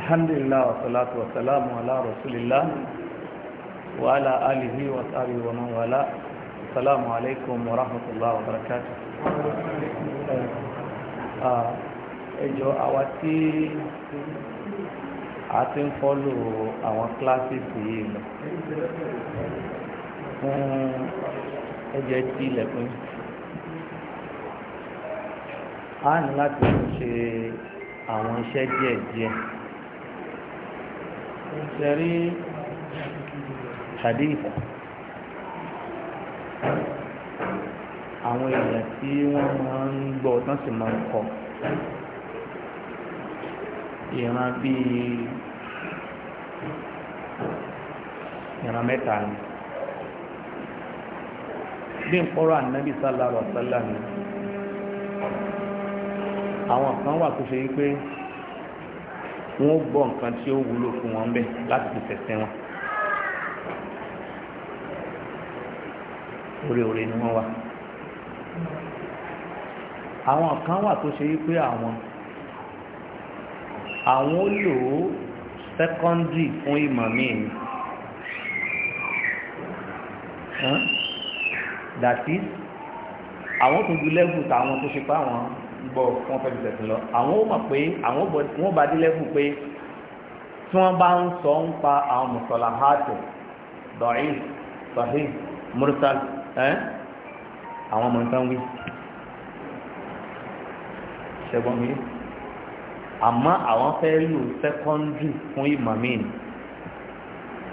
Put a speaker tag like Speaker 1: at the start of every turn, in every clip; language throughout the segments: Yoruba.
Speaker 1: alhamdulillah wa salatu wa salamu ala rasulillah wa ala alihi wa sahbihi wa man wala assalamu alaikum wa rahmatullahi wa barakatuh ah, ẹjọ́ àwa tí a ti ń fọ́lò àwọn kíláàsìsì yìí
Speaker 2: lọ fún
Speaker 1: ẹjẹ́ tí ilẹ̀kùn a ní láti ṣe àwọn iṣẹ́ díẹ̀ díẹ̀
Speaker 2: ṣẹ̀rí hadith
Speaker 1: àwọn èèyàn tí wọ́n máa ń gbọ́ tán sì máa ń kọ ìran bíi ìran mẹ́ta ni bí n kọ́rọ̀ ànábì sallallahu alaihi wasallam ni àwọn kan wà tó ṣe wípé wọn ó gbọ́ nǹkan tí ó wúlò fún wọn bẹ́ẹ̀ láti fi tẹ̀sẹ̀ wọn orí orí ni wọ́n wà àwọn kan wà tó ṣe wípé àwọn àwọn ó lò ó sẹ́kọ́ndì fún ìmọ̀ míì ni that is àwọn tó ju lẹ́gùn táwọn tó ṣe pé àwọn gbọ́ wọ́n fẹ́ bìtẹ̀ sí lọ àwọn ó mọ̀ pé àwọn wọ́n bá dé lẹ́kùn pé tí wọ́n bá ń sọ ń pa àwọn mùsọ̀lá hàtò dọ̀ín sahih mursal àwọn ọmọ nǹkan wí ṣẹ́gbọ́n mi àmọ́ àwọn fẹ́ lò sẹ́kọ́ndì fún ìmọ̀ mi ni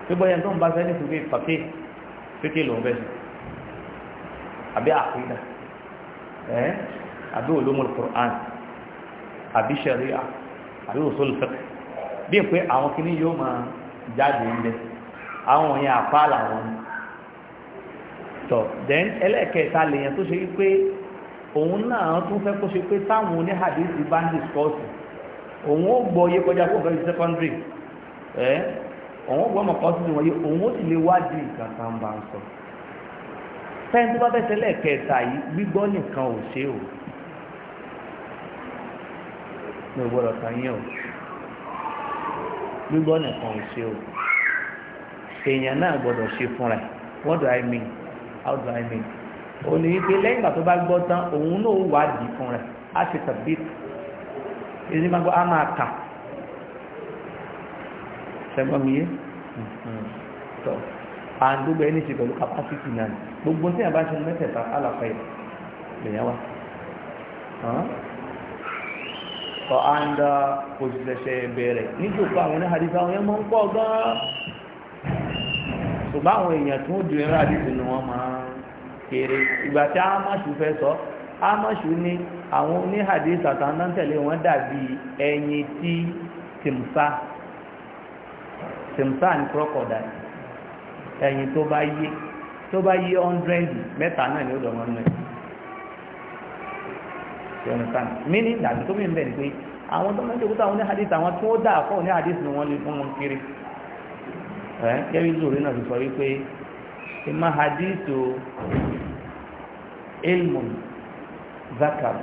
Speaker 1: pé bọ́yá tó ń bá fẹ́ ní ìfúnfẹ́ ìfàkè fíkè lòún bẹ́ẹ̀ àbí àkídà ẹ́ àbí ulumul Qur'an àbí sharia àbí usul fiqh bí pé àwọn kìíní yóò máa jáde ń bẹ àwọn yẹn àpá làwọn tọ̀ then ẹlẹ́ẹ̀kẹta lèèyàn tó ṣe wípé òun náà tún fẹ́ kó ṣe pé táwọn oníhàdíìsì bá ń discourse òun ó gbọ́ iye kọjá kó fẹ́ẹ́ secondary ẹ́ òun ó gbọ́ ọmọ kan sínú wọ̀nyí òun ó sì lè wádìí nǹkan kan bá ń sọ fẹ́ẹ́ tó bá fẹ́ ṣẹlẹ̀ kẹta yìí gbígbọ́ nìkan ò ṣe o ní ògbọ́dọ̀ kan yẹn o gbígbọ́ nìkan ò ṣe o èèyàn náà gbọ́dọ̀ ṣe fúnra ẹ̀ what do I mean how do I mean òun ni wípé lẹ́yìn ìgbà tó bá gbọ́ tán òun náà wà á dì fúnra ẹ̀ á ṣe tàbí ìdí máa gbọ́ á máa kà ṣẹ́gbọ́n mi yé mm-hmm. tọ́ àǹdógbò ẹni ṣe pẹ̀lú capacity náà gbogbo tí a bá ṣe mẹ́tẹ̀ẹ̀ta alàfẹ́ lèyàn wa. sọ áńdá kò sì ṣẹ̀ṣẹ̀ bẹ̀rẹ̀ níjòkó àwọn onye àwọn yẹn máa ń pọ̀ gan-an ṣùgbọ́n àwọn èèyàn tó ń dùn ẹ̀rọ àdìsí ni wọ́n máa ń kéré ìgbà tí amáṣù fẹ́ sọ amáṣù ní àwọn oníhàdísà tẹ̀lé wọn dàbí ẹyin tí tìmsá ẹyin tó you understand meaning that tó mi ń bẹ̀ ni pé àwọn tó máa ń jòkúta àwọn ní hadith àwọn tí wọ́n dá àkọ́ ní hadith ni wọ́n lè fún wọn kiri ẹ̀ kẹ́rí zòrí náà ti sọ wípé ìmọ̀ hadith o ilmun zakar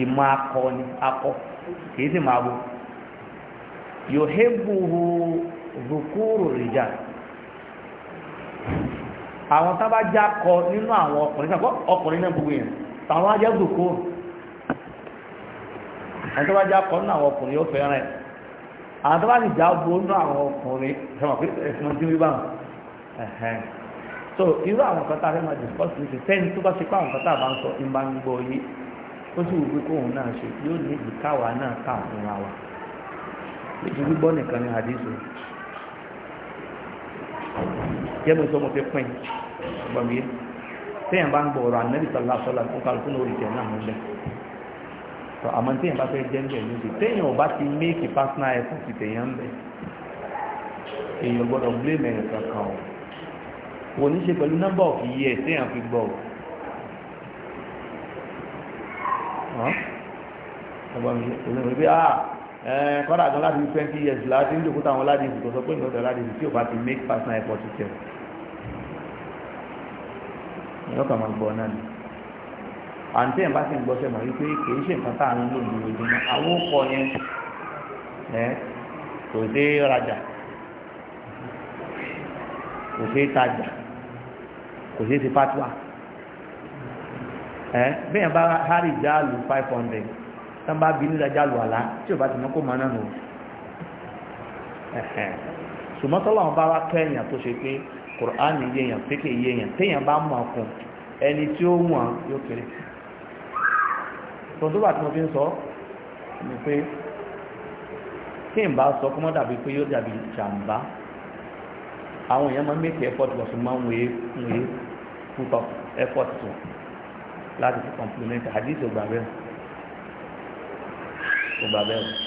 Speaker 1: ìmọ̀ akọ ni akọ kìí sì máa bọ̀ yòhébùhù zùkúrù rìjà àwọn tábàjá kọ nínú àwọn ọkùnrin náà ọkùnrin náà gbogbo yẹn tàwọn ajá dùkú ẹni tó bá já kọ́ nínú àwọn ọkùnrin yóò fẹ́ràn ẹ̀ àwọn tó bá sì já bo nínú àwọn ọkùnrin sọmọ pé ẹ̀sìn ọdún wíwá wọn so irú àwọn kan tá a fẹ́ máa discuss ní ti tẹ́ni tó bá ṣe pé àwọn kan tá a bá ń sọ ń bá ń gbọ́ yé ó sì wù pé kóun náà ṣe yóò ní ìdíkàwá náà kà fúnra wa ìdí gbígbọ́ nìkan ni àdéhùn jẹ́ mi sọ mo fi pín ọgbọ̀n mi yé téèyàn bá ń gbọ́ ọ̀rọ̀ ànábì sọlá sọlá ó kà lóko lórí tiẹ̀ náà mú bẹ tọ àmọ́ téèyàn bá fẹ́ jẹ níbẹ̀ lóde téèyàn ò bá ti méèkì personal effort ti téèyàn ń bẹ èèyàn gbọ́dọ̀ blame ẹyìn kankan o kò ní ṣe pẹ̀lú nọ́mbà of year téèyàn fi gbọ́ o ọgbọ́n mi kò lè rí ah, bí a kọ́dà gan láti twenty years láti ń dòkúta àwọn ládìsì kò sọ pé ìgbọ́dọ̀ ládìsì tí ò bá ti make personal effort ti tẹ̀ o ìyọ́kà máa gbọ́ náà ni àǹtí ẹ̀ bá ti ń gbọ́ sẹ́mọ̀ wípé kìí ṣe nǹkan tá à ń lò ní ojúmọ́ àwọn ọkọ̀ yẹn ẹ̀ kò dé rajà kò ṣe tajà kò ṣe ti pátúwà ẹ̀ bẹ́ẹ̀ bá hárì jáàlù five hundred tán bá bí nílẹ̀ jáàlù àlá tí ò bá ti mọ́ kó máa náà nù ṣùgbọ́n tọ́lọ́run bá wá kẹ́yìn àtúnṣe pé kùránì yéèyàn pékè yéèyàn téèyàn bá mọ̀ ọkùn ẹni tí ó mọ̀ yóò kéré tọ́dúbà tí mo fi ń sọ ni pé tí n bá sọ kó mọ́ dàbí pé yóò dàbí jàǹbá àwọn èèyàn máa ń mèkì effort wọ̀ fún máa ń wèé ń wèé put up effort tó láti fi compliment àdìsí ògbà bẹ́ẹ̀ ògbà bẹ́ẹ̀.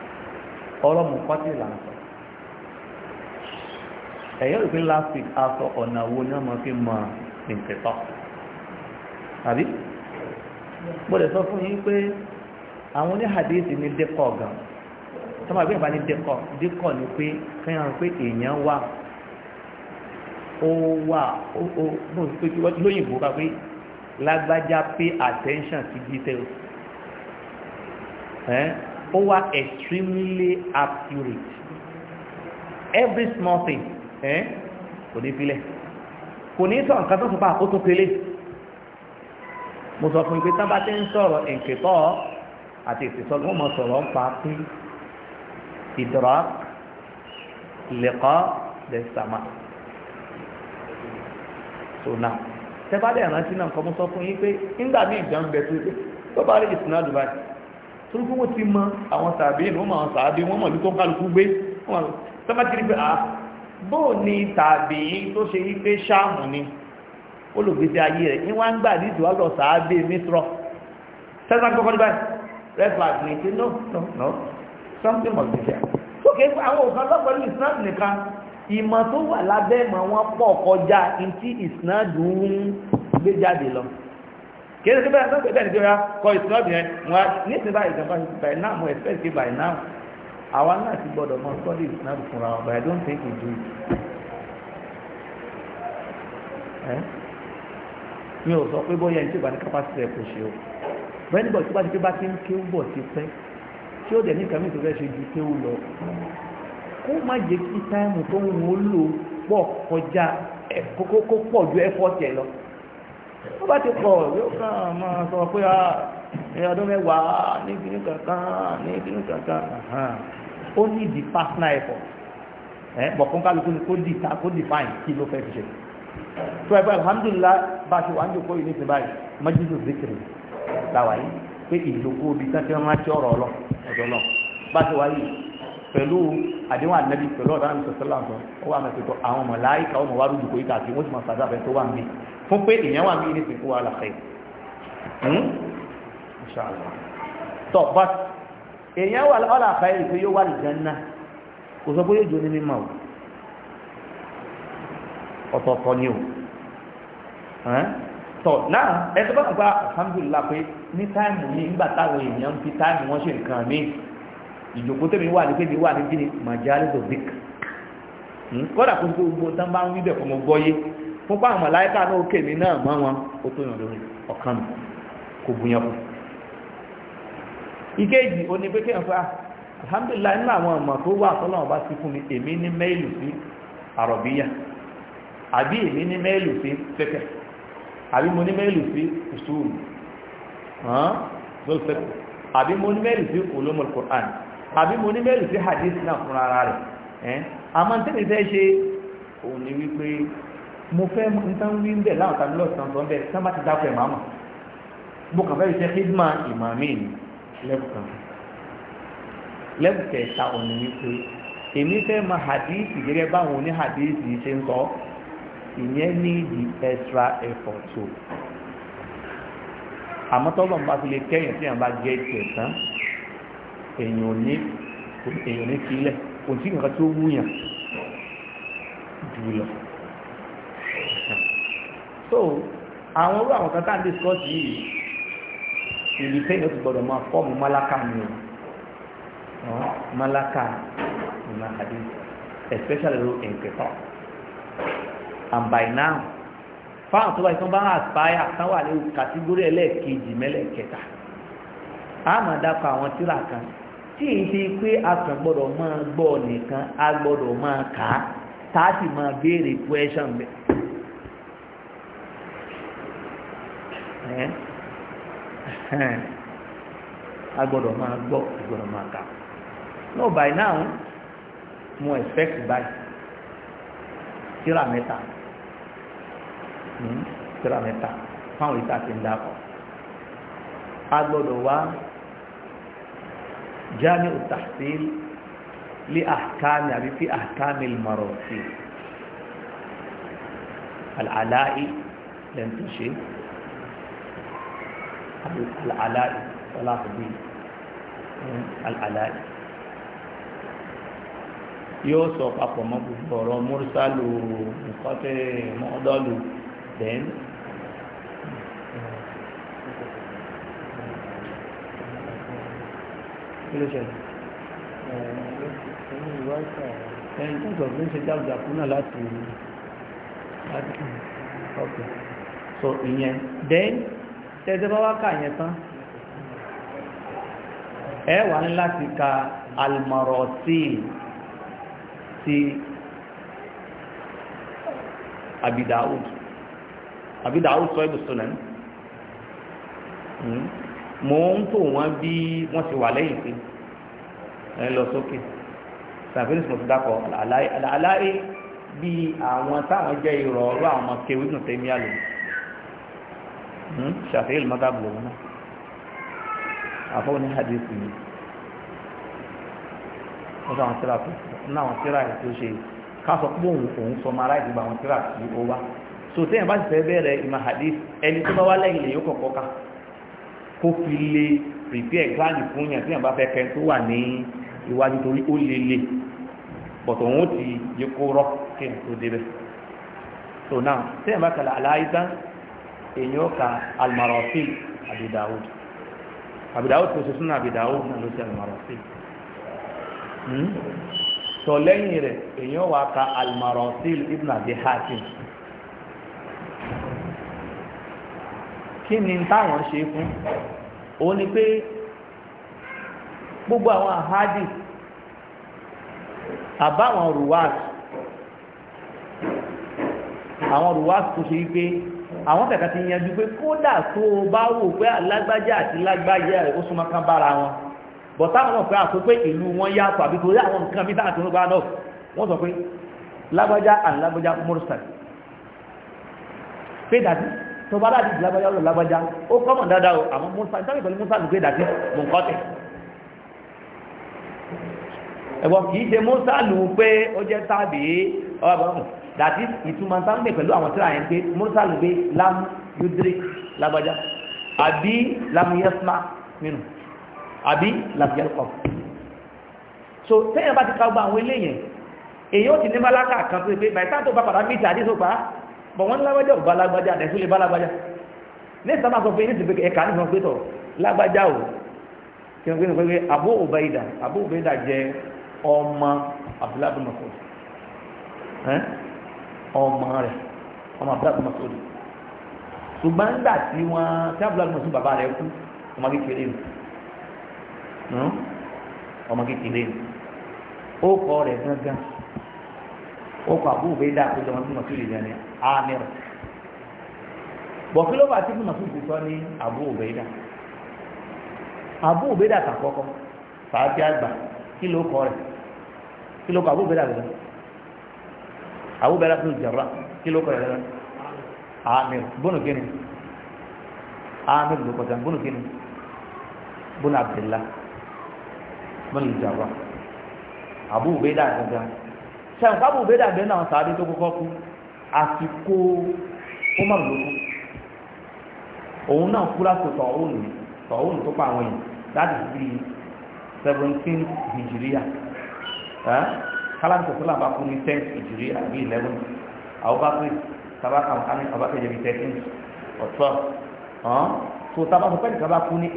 Speaker 1: ọ̀rọ̀ mọ̀kọ́tì là ń sọ ẹ̀yọ́ ìpín last week a sọ ọ̀nà wo ní ọmọ fi mọ ìǹkẹ̀tọ́ àbí mo lè sọ fún yín pé àwọn oní hadithi ní dẹ́kọ̀ gan tó máa gbé ìbá ní dẹ́kọ̀ dẹ́kọ̀ ni pé fẹ́ràn pé èèyàn wà ó wà ó ó lóyìnbó ká pé lágbájá pay attention to details ó extremely accurate every small thing kò ní filẹ̀ kò ní sọ nǹkan tó sọ pé àkótó pélé mo sọ fún ìpé tábà tí ń sọ̀rọ̀ ìkẹtọ́ àti ìsìsọ́lù wọn mọ̀ sọ̀rọ̀ ń pa pín ìdọ̀rọ̀ lẹ́kọ́ lẹ́sàmà so now tẹ́bá dẹ̀ rántí náà kọ́ mo sọ fún yín pé nígbà míì ìjọ ń bẹ tó pé tó bá rí ìsìnà Dubai torí pé wọ́n ti mọ àwọn sàbí ìlú ọmọ àwọn sàbí wọ́n mọ̀ ní tó ń kálukú gbé sọ́bátìrí pé àá ah, bóò ni tàbí tó ṣe wípé sáàmù ni olùgbèsè ayé rẹ̀ ní wọ́n gbà nídìí wọ́n lọ sàábé mítrọ̀ sẹ́sà gbọ́kọ́ nígbà red flag ní ti no no no something must be there sókè àwọn òkan lọ́pọ̀ ní islam nìkan ìmọ̀ tó wà lábẹ́ ìmọ̀ wọn pọ̀ kọjá ní ti islam dùn ún gbé jáde lọ kìí ṣe bẹ́ẹ̀ sọ́kẹ́ bẹ́ẹ̀ ni bíi ọ̀yá kọ ìsúná bìí yẹn wọn ní ìsìn báyìí ìjọba ṣe by now mo expect say by now àwa náà ti gbọ́dọ̀ mọ study ìsúná bìí fúnra wọn but I don't think we do it. mi ò sọ pé bóyá ẹni tí ìgbà ní capacity rẹ kò ṣe o bẹ́ẹ̀ nígbà tí bá ti pé bá ti ń kéwú bọ̀ ti pẹ́ tí ó dẹ̀ ní kàmí ìtòkẹ́ ṣe ju kéwú lọ kó má jẹ́ kí táìmù tó ń wọ́n lò pọ̀ kọjá kókó pọ̀ lọ tó bá ti pọ̀ yóò kàn máa sọ pé ah, ẹ ọdún mẹ́wàá ní kíní kankan ní kíní kankan ó ní di personal effort ẹ bọ̀ fún kálukú ni kó di ta kó di fine kí ló fẹ́ fi ṣe tó ẹ bá alhamdulillah bá a ṣe wà ń jòkó yìí ní ti báyìí májídù zikiri làwà yìí pé ìlòkó bí sáfẹ́ wọn ti ọ̀rọ̀ ọlọ ọ̀dọ́ náà bá a ṣe wà yìí pẹ̀lú àdéhùn ànábì pẹ̀lú ọ̀dọ́ àmì sọ̀tẹ́lá ọ̀sán ó wà mẹ́tẹ̀ẹ̀tọ̀ àwọn mọ̀láyìí káwọn mọ̀ wá rúdùkọ̀ yìí kàkiri wọ́n sì mọ̀ sàdá fún pé èèyàn wà ní ilé ìsìnkú wa làfẹ́ hmm? tọ́ but èèyàn wà ọ́là àfẹ́ ìpé yóò wà lìjánná kò sọ pé yóò jó ní mímọ̀ ọ̀tọ̀ọ̀tọ̀ ni o tọ̀ náà ẹ̀sọ́ bá gba alhamdulillah pé ní táìmù ní ìgbà táwọn èèyàn ń fi táìmù wọn ṣe nǹkan mi ìjòkó tèmi wà ní kébi wà ní gíní màjálẹ́sọ̀ zik kó tó gbogbo tán bá ń wí bẹ̀ fọmọ gbọ́yé fún pa àwọn màláíkà náà ó kèmí náà mọ́ wọn ó tó yàn lórí ọ̀kan mi kò bùyàn kù ìkejì ó ní pé kí n fa ah, alhamdulillah nínú àwọn ọmọ tó wà tọ́lọ́wọ́n bá sí fún mi èmi ní mẹ́ìlù sí àrọ̀bíyà àbí èmi ní mẹ́ìlù sí fẹ́fẹ́ àbí mo ní mẹ́ìlù sí ìṣúrù lọ́lọ́fẹ́fẹ́ àbí mo ní mẹ́ìlù sí ulumul Qur'an àbí mo ní mẹ́ìlù sí hadith náà fúnra rẹ̀ àmọ́ tẹ́lifẹ́ ṣe òun ni wípé mo fẹ́ nǹkan wí ń bẹ̀ láwọn tàbí lọ́sàn tó ń bẹ̀ tí wọ́n bá ti dákọ̀ ẹ̀ máàmù mo kàn fẹ́ẹ́ ṣe hídmà ìmàmí ni lẹ́bù kan lẹ́bù kẹta ọ̀nà mi pé èmi fẹ́ ma hadíìsì gẹ́gẹ́ báwọn oní hadíìsì ṣe ń sọ ìyẹn ní di extra effort o àmọ́ tọ́lọ̀ ń bá fi lè kẹ́yìn tí èèyàn bá jẹ́ ìtẹ̀ tán èèyàn ò ní èèyàn kò sí nǹkan tó wúyàn jù lọ so àwọn orú àwọn kan tá à ń discuss yìí ìlú tẹ́yìn ó ti gbọ́dọ̀ máa fọ́ọ̀mù málákà ni o málákà ìmọ̀ àdéhùn especially ló nkẹtọ and by now fáwọn tó bá ìtàn bá ń aspire kan wà ní kàtígórì ẹlẹ́ẹ̀kejì mẹ́lẹ̀kẹta a máa dákọ̀ àwọn tíra kan tí èyí ti pé a kàn gbọ́dọ̀ máa gbọ́ nìkan a gbọ́dọ̀ máa kà á tá a sì máa béèrè question bẹ́ẹ̀. a gbọ́dọ̀ máa gbọ́ a gbọ́dọ̀ máa kà no by now mo expect by tíra mẹ́ta hmm? tíra mẹ́ta fáwọn ìta ti ń dákọ̀ a gbọ́dọ̀ wá jami utahsil li ahkami àbí fi ahkami al-marati lẹ́nu tó ṣe العلاء صلاح الدين العلاء yóò sọ papọ̀ mọ́ gbogbo ọ̀rọ̀ mọ́rúsálù nkọ́tẹ́ mọ́ọ́dọ́lù then kí ló
Speaker 2: ṣẹlẹ̀
Speaker 1: ẹni tó sọ fún ṣe dáadáa fún náà láti
Speaker 2: láti ọkọ̀
Speaker 1: so ìyẹn then tẹ́tẹ́ bá wá kà yẹn tán ẹ wà ní láti ka almarosil ti abidawud abidawud sọ ibùsùn náà hmm. mo ń tò wọ́n bí wọ́n ti wà lẹ́yìn pé ẹ lọ sókè sàfihàn mo ti dákọ̀ àlàyé bí àwọn táwọn jẹ́ ìrọ̀ ọ̀rọ̀ àwọn kéwì tẹ́mí àlòmí Hmm? shafi'il mazhab lòun náà àfọ́ ní hadith ni wọ́n sọ àwọn tíra tó ní àwọn tíra yìí tó ṣe ká sọ pé òun òun sọ ma aláìsí gba àwọn tíra tí ó wá so téèyàn bá ti fẹ́ bẹ̀rẹ̀ ìmọ̀ hadith ẹni tó bá wá lẹ́yìn lè kọ̀kọ́ ká kó fi lè prepare exam fún yàn téèyàn bá fẹ́ kẹ́ tó wà ní iwájú torí ó lè lè bọ̀tọ̀ òun ti yẹ kó rọ́ kéèyàn tó débẹ̀ so now téèyàn bá kàlà aláìsí èèyàn ka almarasi Abi Dawud Abi Dawud tó ṣe súnà Abi Dawud náà ló ṣe almarasi tọ hmm? lẹ́yìn rẹ̀ èèyàn wà ka almarasi ibn Abi Hatim kí ni táwọn ṣe fún òun ni pé gbogbo àwọn ahadi àbáwọn ruwaat àwọn ruwaat tó ṣe wípé àwọn kàkà ti yanjú pé kódà tó bá wò pé alágbájá àti lágbájá ó súnmọ́ kan bára wọn bọ̀ táwọn náà pé àpò pé ìlú wọn yàtọ̀ àbí torí àwọn nǹkan bí táwọn tó ń gbá náà wọ́n sọ pé lágbájá àti lágbájá mọ́rùsàlì pé dàbí tó bá láti di lágbájá lọ lágbájá ó kọ́mọ̀ dáadáa o àwọn mọ́rùsàlì táwọn ìpẹ̀lú mọ́rùsàlì pé dàbí mọ̀ nǹkan tẹ̀ ẹ̀wọ̀n kì í ṣe mọ́rùsàlì pé ó jẹ́ tábìí ọ dàtí ìtumọ̀ sáńgbè pẹ̀lú àwọn tíra yẹn pé mọ́sálù gbé lámú yudrik lágbájá àbí lámú yẹsùmá nínú àbí làbíyẹ́lùkọ̀ so tẹ́yìn bá ti ka gba àwọn eléyìn èyí ó ti ní málákà kan tó pé bàí sáà tó bá padà mí ìtàdí tó pa bọ̀ wọ́n lágbájá ò bá lágbájá àdẹ̀sú lè bá lágbájá ní ìsàmà sọ pé ní pé ẹ̀ka nìkan pé tọ̀ lágbájá ò kí wọ́n gbé pé Abu Ubaida Abu Ubaida jẹ́ ọmọ Abdullahi bin Mas'ud ọmọ rẹ̀ ọmọ abúlé masoud ṣùgbọ́n nígbà tí wọ́n tí abúlé masoud bàbá rẹ̀ kú ọmọ kékeré nù hmm? ọmọ kékeré nù ó kọ rẹ̀ gángan ó kọ àbúrò bẹ́ẹ̀ dá àkójọ wọn tí masoud yẹn ni amir bọ̀kí ló bá tí masoud ti sọ ní àbúrò bẹ́ẹ̀ dá àbúrò bẹ́ẹ̀ dá kàkọ́kọ́ fàájì àgbà kí ló kọ rẹ̀ kí ló kọ àbúrò bẹ́ẹ̀ dá gbẹ̀gbẹ̀ àwúbẹ̀rẹ̀ tó jẹ̀rọ kí ló kọ̀ ẹ̀rọ amir bónú kíni amir ló kọjá bónú kíni bónú abdullah bónú jẹ̀rọ abu ubeda kọjá sẹ́wọ̀n kábù ubeda bẹ́ẹ̀ náà sàádé tó kọ́kọ́ kú àsìkò umar ló kú òun náà kú láti tọ̀hún tọ̀hún tó pa àwọn èèyàn láti fi seventeen hijriya kálánìkò tó làbá fún ní ten ìjìrí àbí ah, eleven àwòbáfẹ́ sábà kàmùkánì àbáfẹ́ jẹ̀bi thirteen or twelve hàn so sábà fún pẹ́ẹ́nì sábà fún ní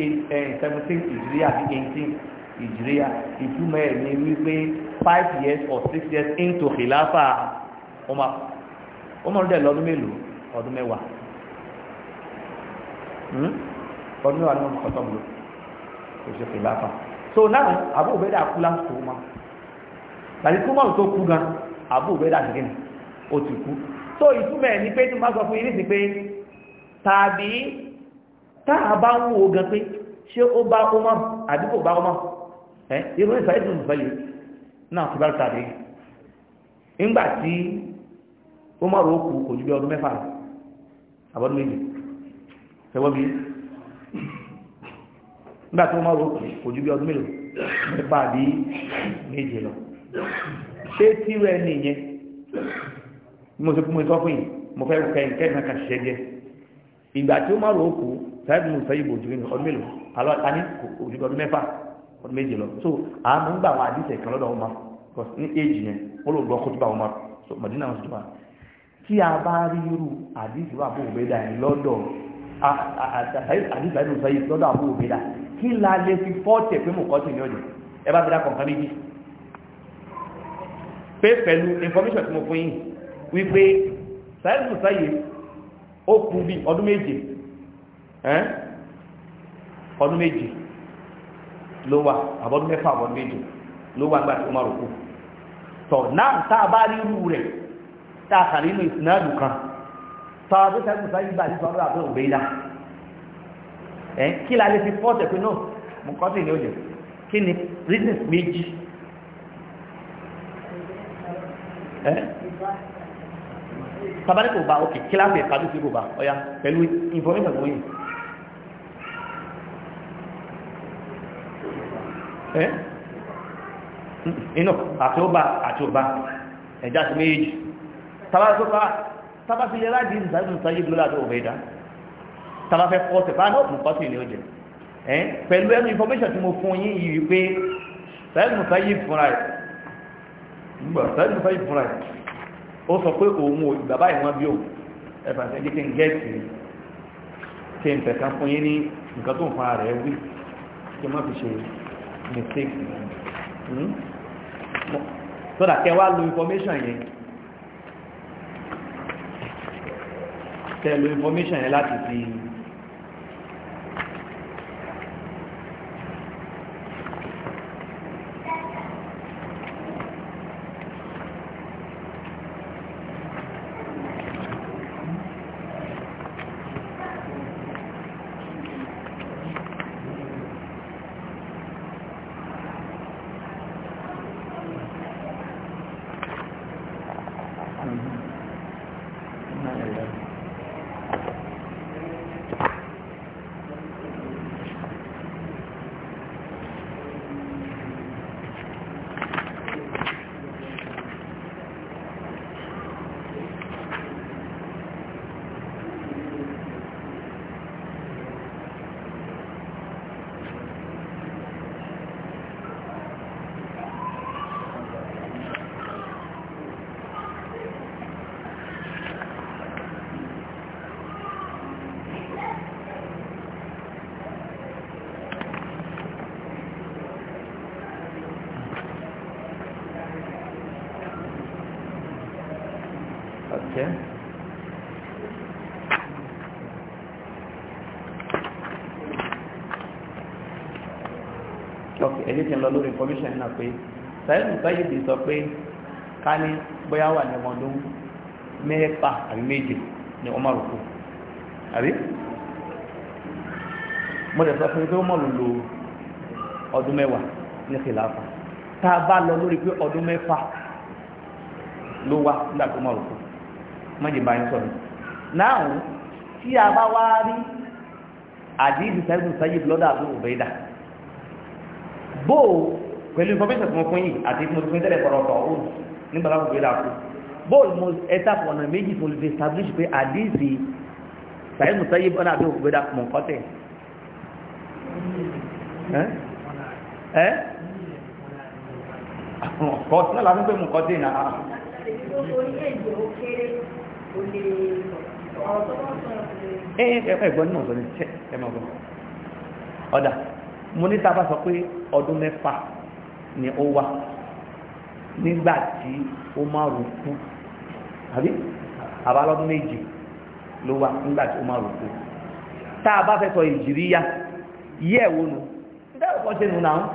Speaker 1: seventeen ìjìrí àbí ah, eighteen ìjìrí ah. ìtumọ̀ ẹ̀ ní wípé five years or six years into khilafa Umar Umar dẹ̀ lọ́dún mélòó ọdún mẹ́wàá hmm? ọdún mẹ́wàá ni wọ́n kọ́tọ́ bùrọ̀ kò ṣe so now àbúrò bẹ́ẹ̀ dà kú lásìkò wọn tàbí túmọ̀ tó kú gan àbú ìbẹ́dà sí kíni ó ti kú so ìtumọ̀ ẹ̀ ni pé tí mo bá sọ fún yín pé tàbí tá a bá ń wo gan pé ṣé ó bá ó mọ̀ àbí kò bá ó mọ̀ ẹ irú ìfà ìdùnnú fẹ́lẹ̀ náà ti bá tàbí ńgbà tí ó mọ̀ rò kù kò ju bí ọdún mẹ́fà àbọ̀dún méjì fẹ́wọ́ bí nígbà tí ó mọ̀ rò kù kò ju bí ọdún mẹ́fà àbí méje lọ ṣé tíwẹ̀ ẹni yẹn mo sọ fún mi sọ fún yìí mo fẹ́ kẹ́ nǹkan náà kan ṣiṣẹ́ díẹ̀ ìgbà tí ó má rò ó kú sáyẹ́dì mo sọ yìí bò jùlọ ọdún mélòó alọ́ ta ní ọdún mẹ́fà ọdún méje lọ so àmú ń gbà àwọn àdìsẹ̀ kan lọ́dọ̀ ọmọ ní éjì yẹn ó lò gbọ́ kótópà ọmọ so madina wọn sì jọba tí a bá rí irú àdìsẹ̀ wà fún òbẹ́dà yẹn lọ́dọ̀ àdìsẹ̀ àdìsẹ̀ lọ́dọ̀ àbúrò òbẹ́dà kí la lè fi fọ́ọ̀tẹ̀ pé mo kọ́ sí ní ọ̀dẹ̀ ẹ bá fi kọ̀ọ̀kan méjì pé pẹ̀lú information tí mo fún yín wípé sáyẹ́sì sáyé ó kú bí ọdún méje ọdún méje ló wà àbọ̀dún mẹ́fà àbọ̀dún méje ló wà nígbà tí wọ́n rò kú tọ̀ náà tá a bá rí irú rẹ̀ tá a kà nínú ìsìnàdù kan tọ́ a tó sáyẹ́sì sáyé gbà ní sọ́dọ̀ àbẹ́ òbẹ́ ilá kí la lè fi fọ́ọ̀tẹ̀ pé náà mo kọ́ sí ní òjò kí ni business méjì tabari kò bá ok kíláàsì ìpàdé sí kò bá ọ̀yá pẹ̀lú information tó yìí ẹ́ inú àti ó bá àti ó bá ẹ̀já sí méjì tabari tó bá tabari sí lera di ìsàlẹ̀ tó sáyé lọ́la àti òbẹ̀dá tabari fẹ́ kọ́ tẹ̀fà náà fún kọ́tì ní ọjẹ́ pẹ̀lú ẹnu information tí mo fún yín yìí wípé sẹ́yìn tó sáyé fúnra gbọ̀tẹ́lì fẹ́ ìfúnra ẹ̀ ó sọ pé òun ò ìgbàbá ìwọ́n bí òun ẹ̀fàṣẹ́ jẹ́ kí n gẹ́ẹ̀tì kí n tẹ̀kan fún yí ní nǹkan tó ń fa rẹ̀ wí kí má fi ṣe mistake hmm? information yẹn kẹ lo information tẹ̀lé tẹ̀ lọ lórí information náà pé sàyẹ̀dù sáyẹ̀dì sọ pé ká ní bóyá wà ní ọmọdún mẹ́fà àbí méje ni ọmọ rò àbí mo dẹ̀ sọ fún pé ọmọ lo ọdún mẹ́wàá ní kìláàfà tá a bá lọ lórí pé ọdún mẹ́fà ló wá nígbà tó kù mọ́jì bá bó o pẹ̀lú information tí mo fún yìí àti mo ti fún tẹ́lẹ̀ kọ̀rọ̀ ọ̀tọ̀ òun nígbà láwọn òwe làkú bó mo ẹta ọ̀nà méjì mo lè establish pé àdíìsì sàyẹ́ mo sáyé bọ́nà àbí òkúgbé dàpọ̀ mọ̀ kọ́tẹ̀ ẹ́ ọ̀kọ́ sílẹ̀ la fún pé mọ̀ kọ́tẹ̀ náà ẹ̀ẹ́dẹ̀ẹ́gbọ́n náà sọ ní ṣẹ́ ẹ̀mọ̀ ọ̀dà mo ní tàbá sọ pé ọdún mẹ́fà ni ó wà nígbà tí ó máa rò kú àbí àbálọ́dún méjì ló wà nígbà tí ó máa rò kú tá a bá fẹ́ sọ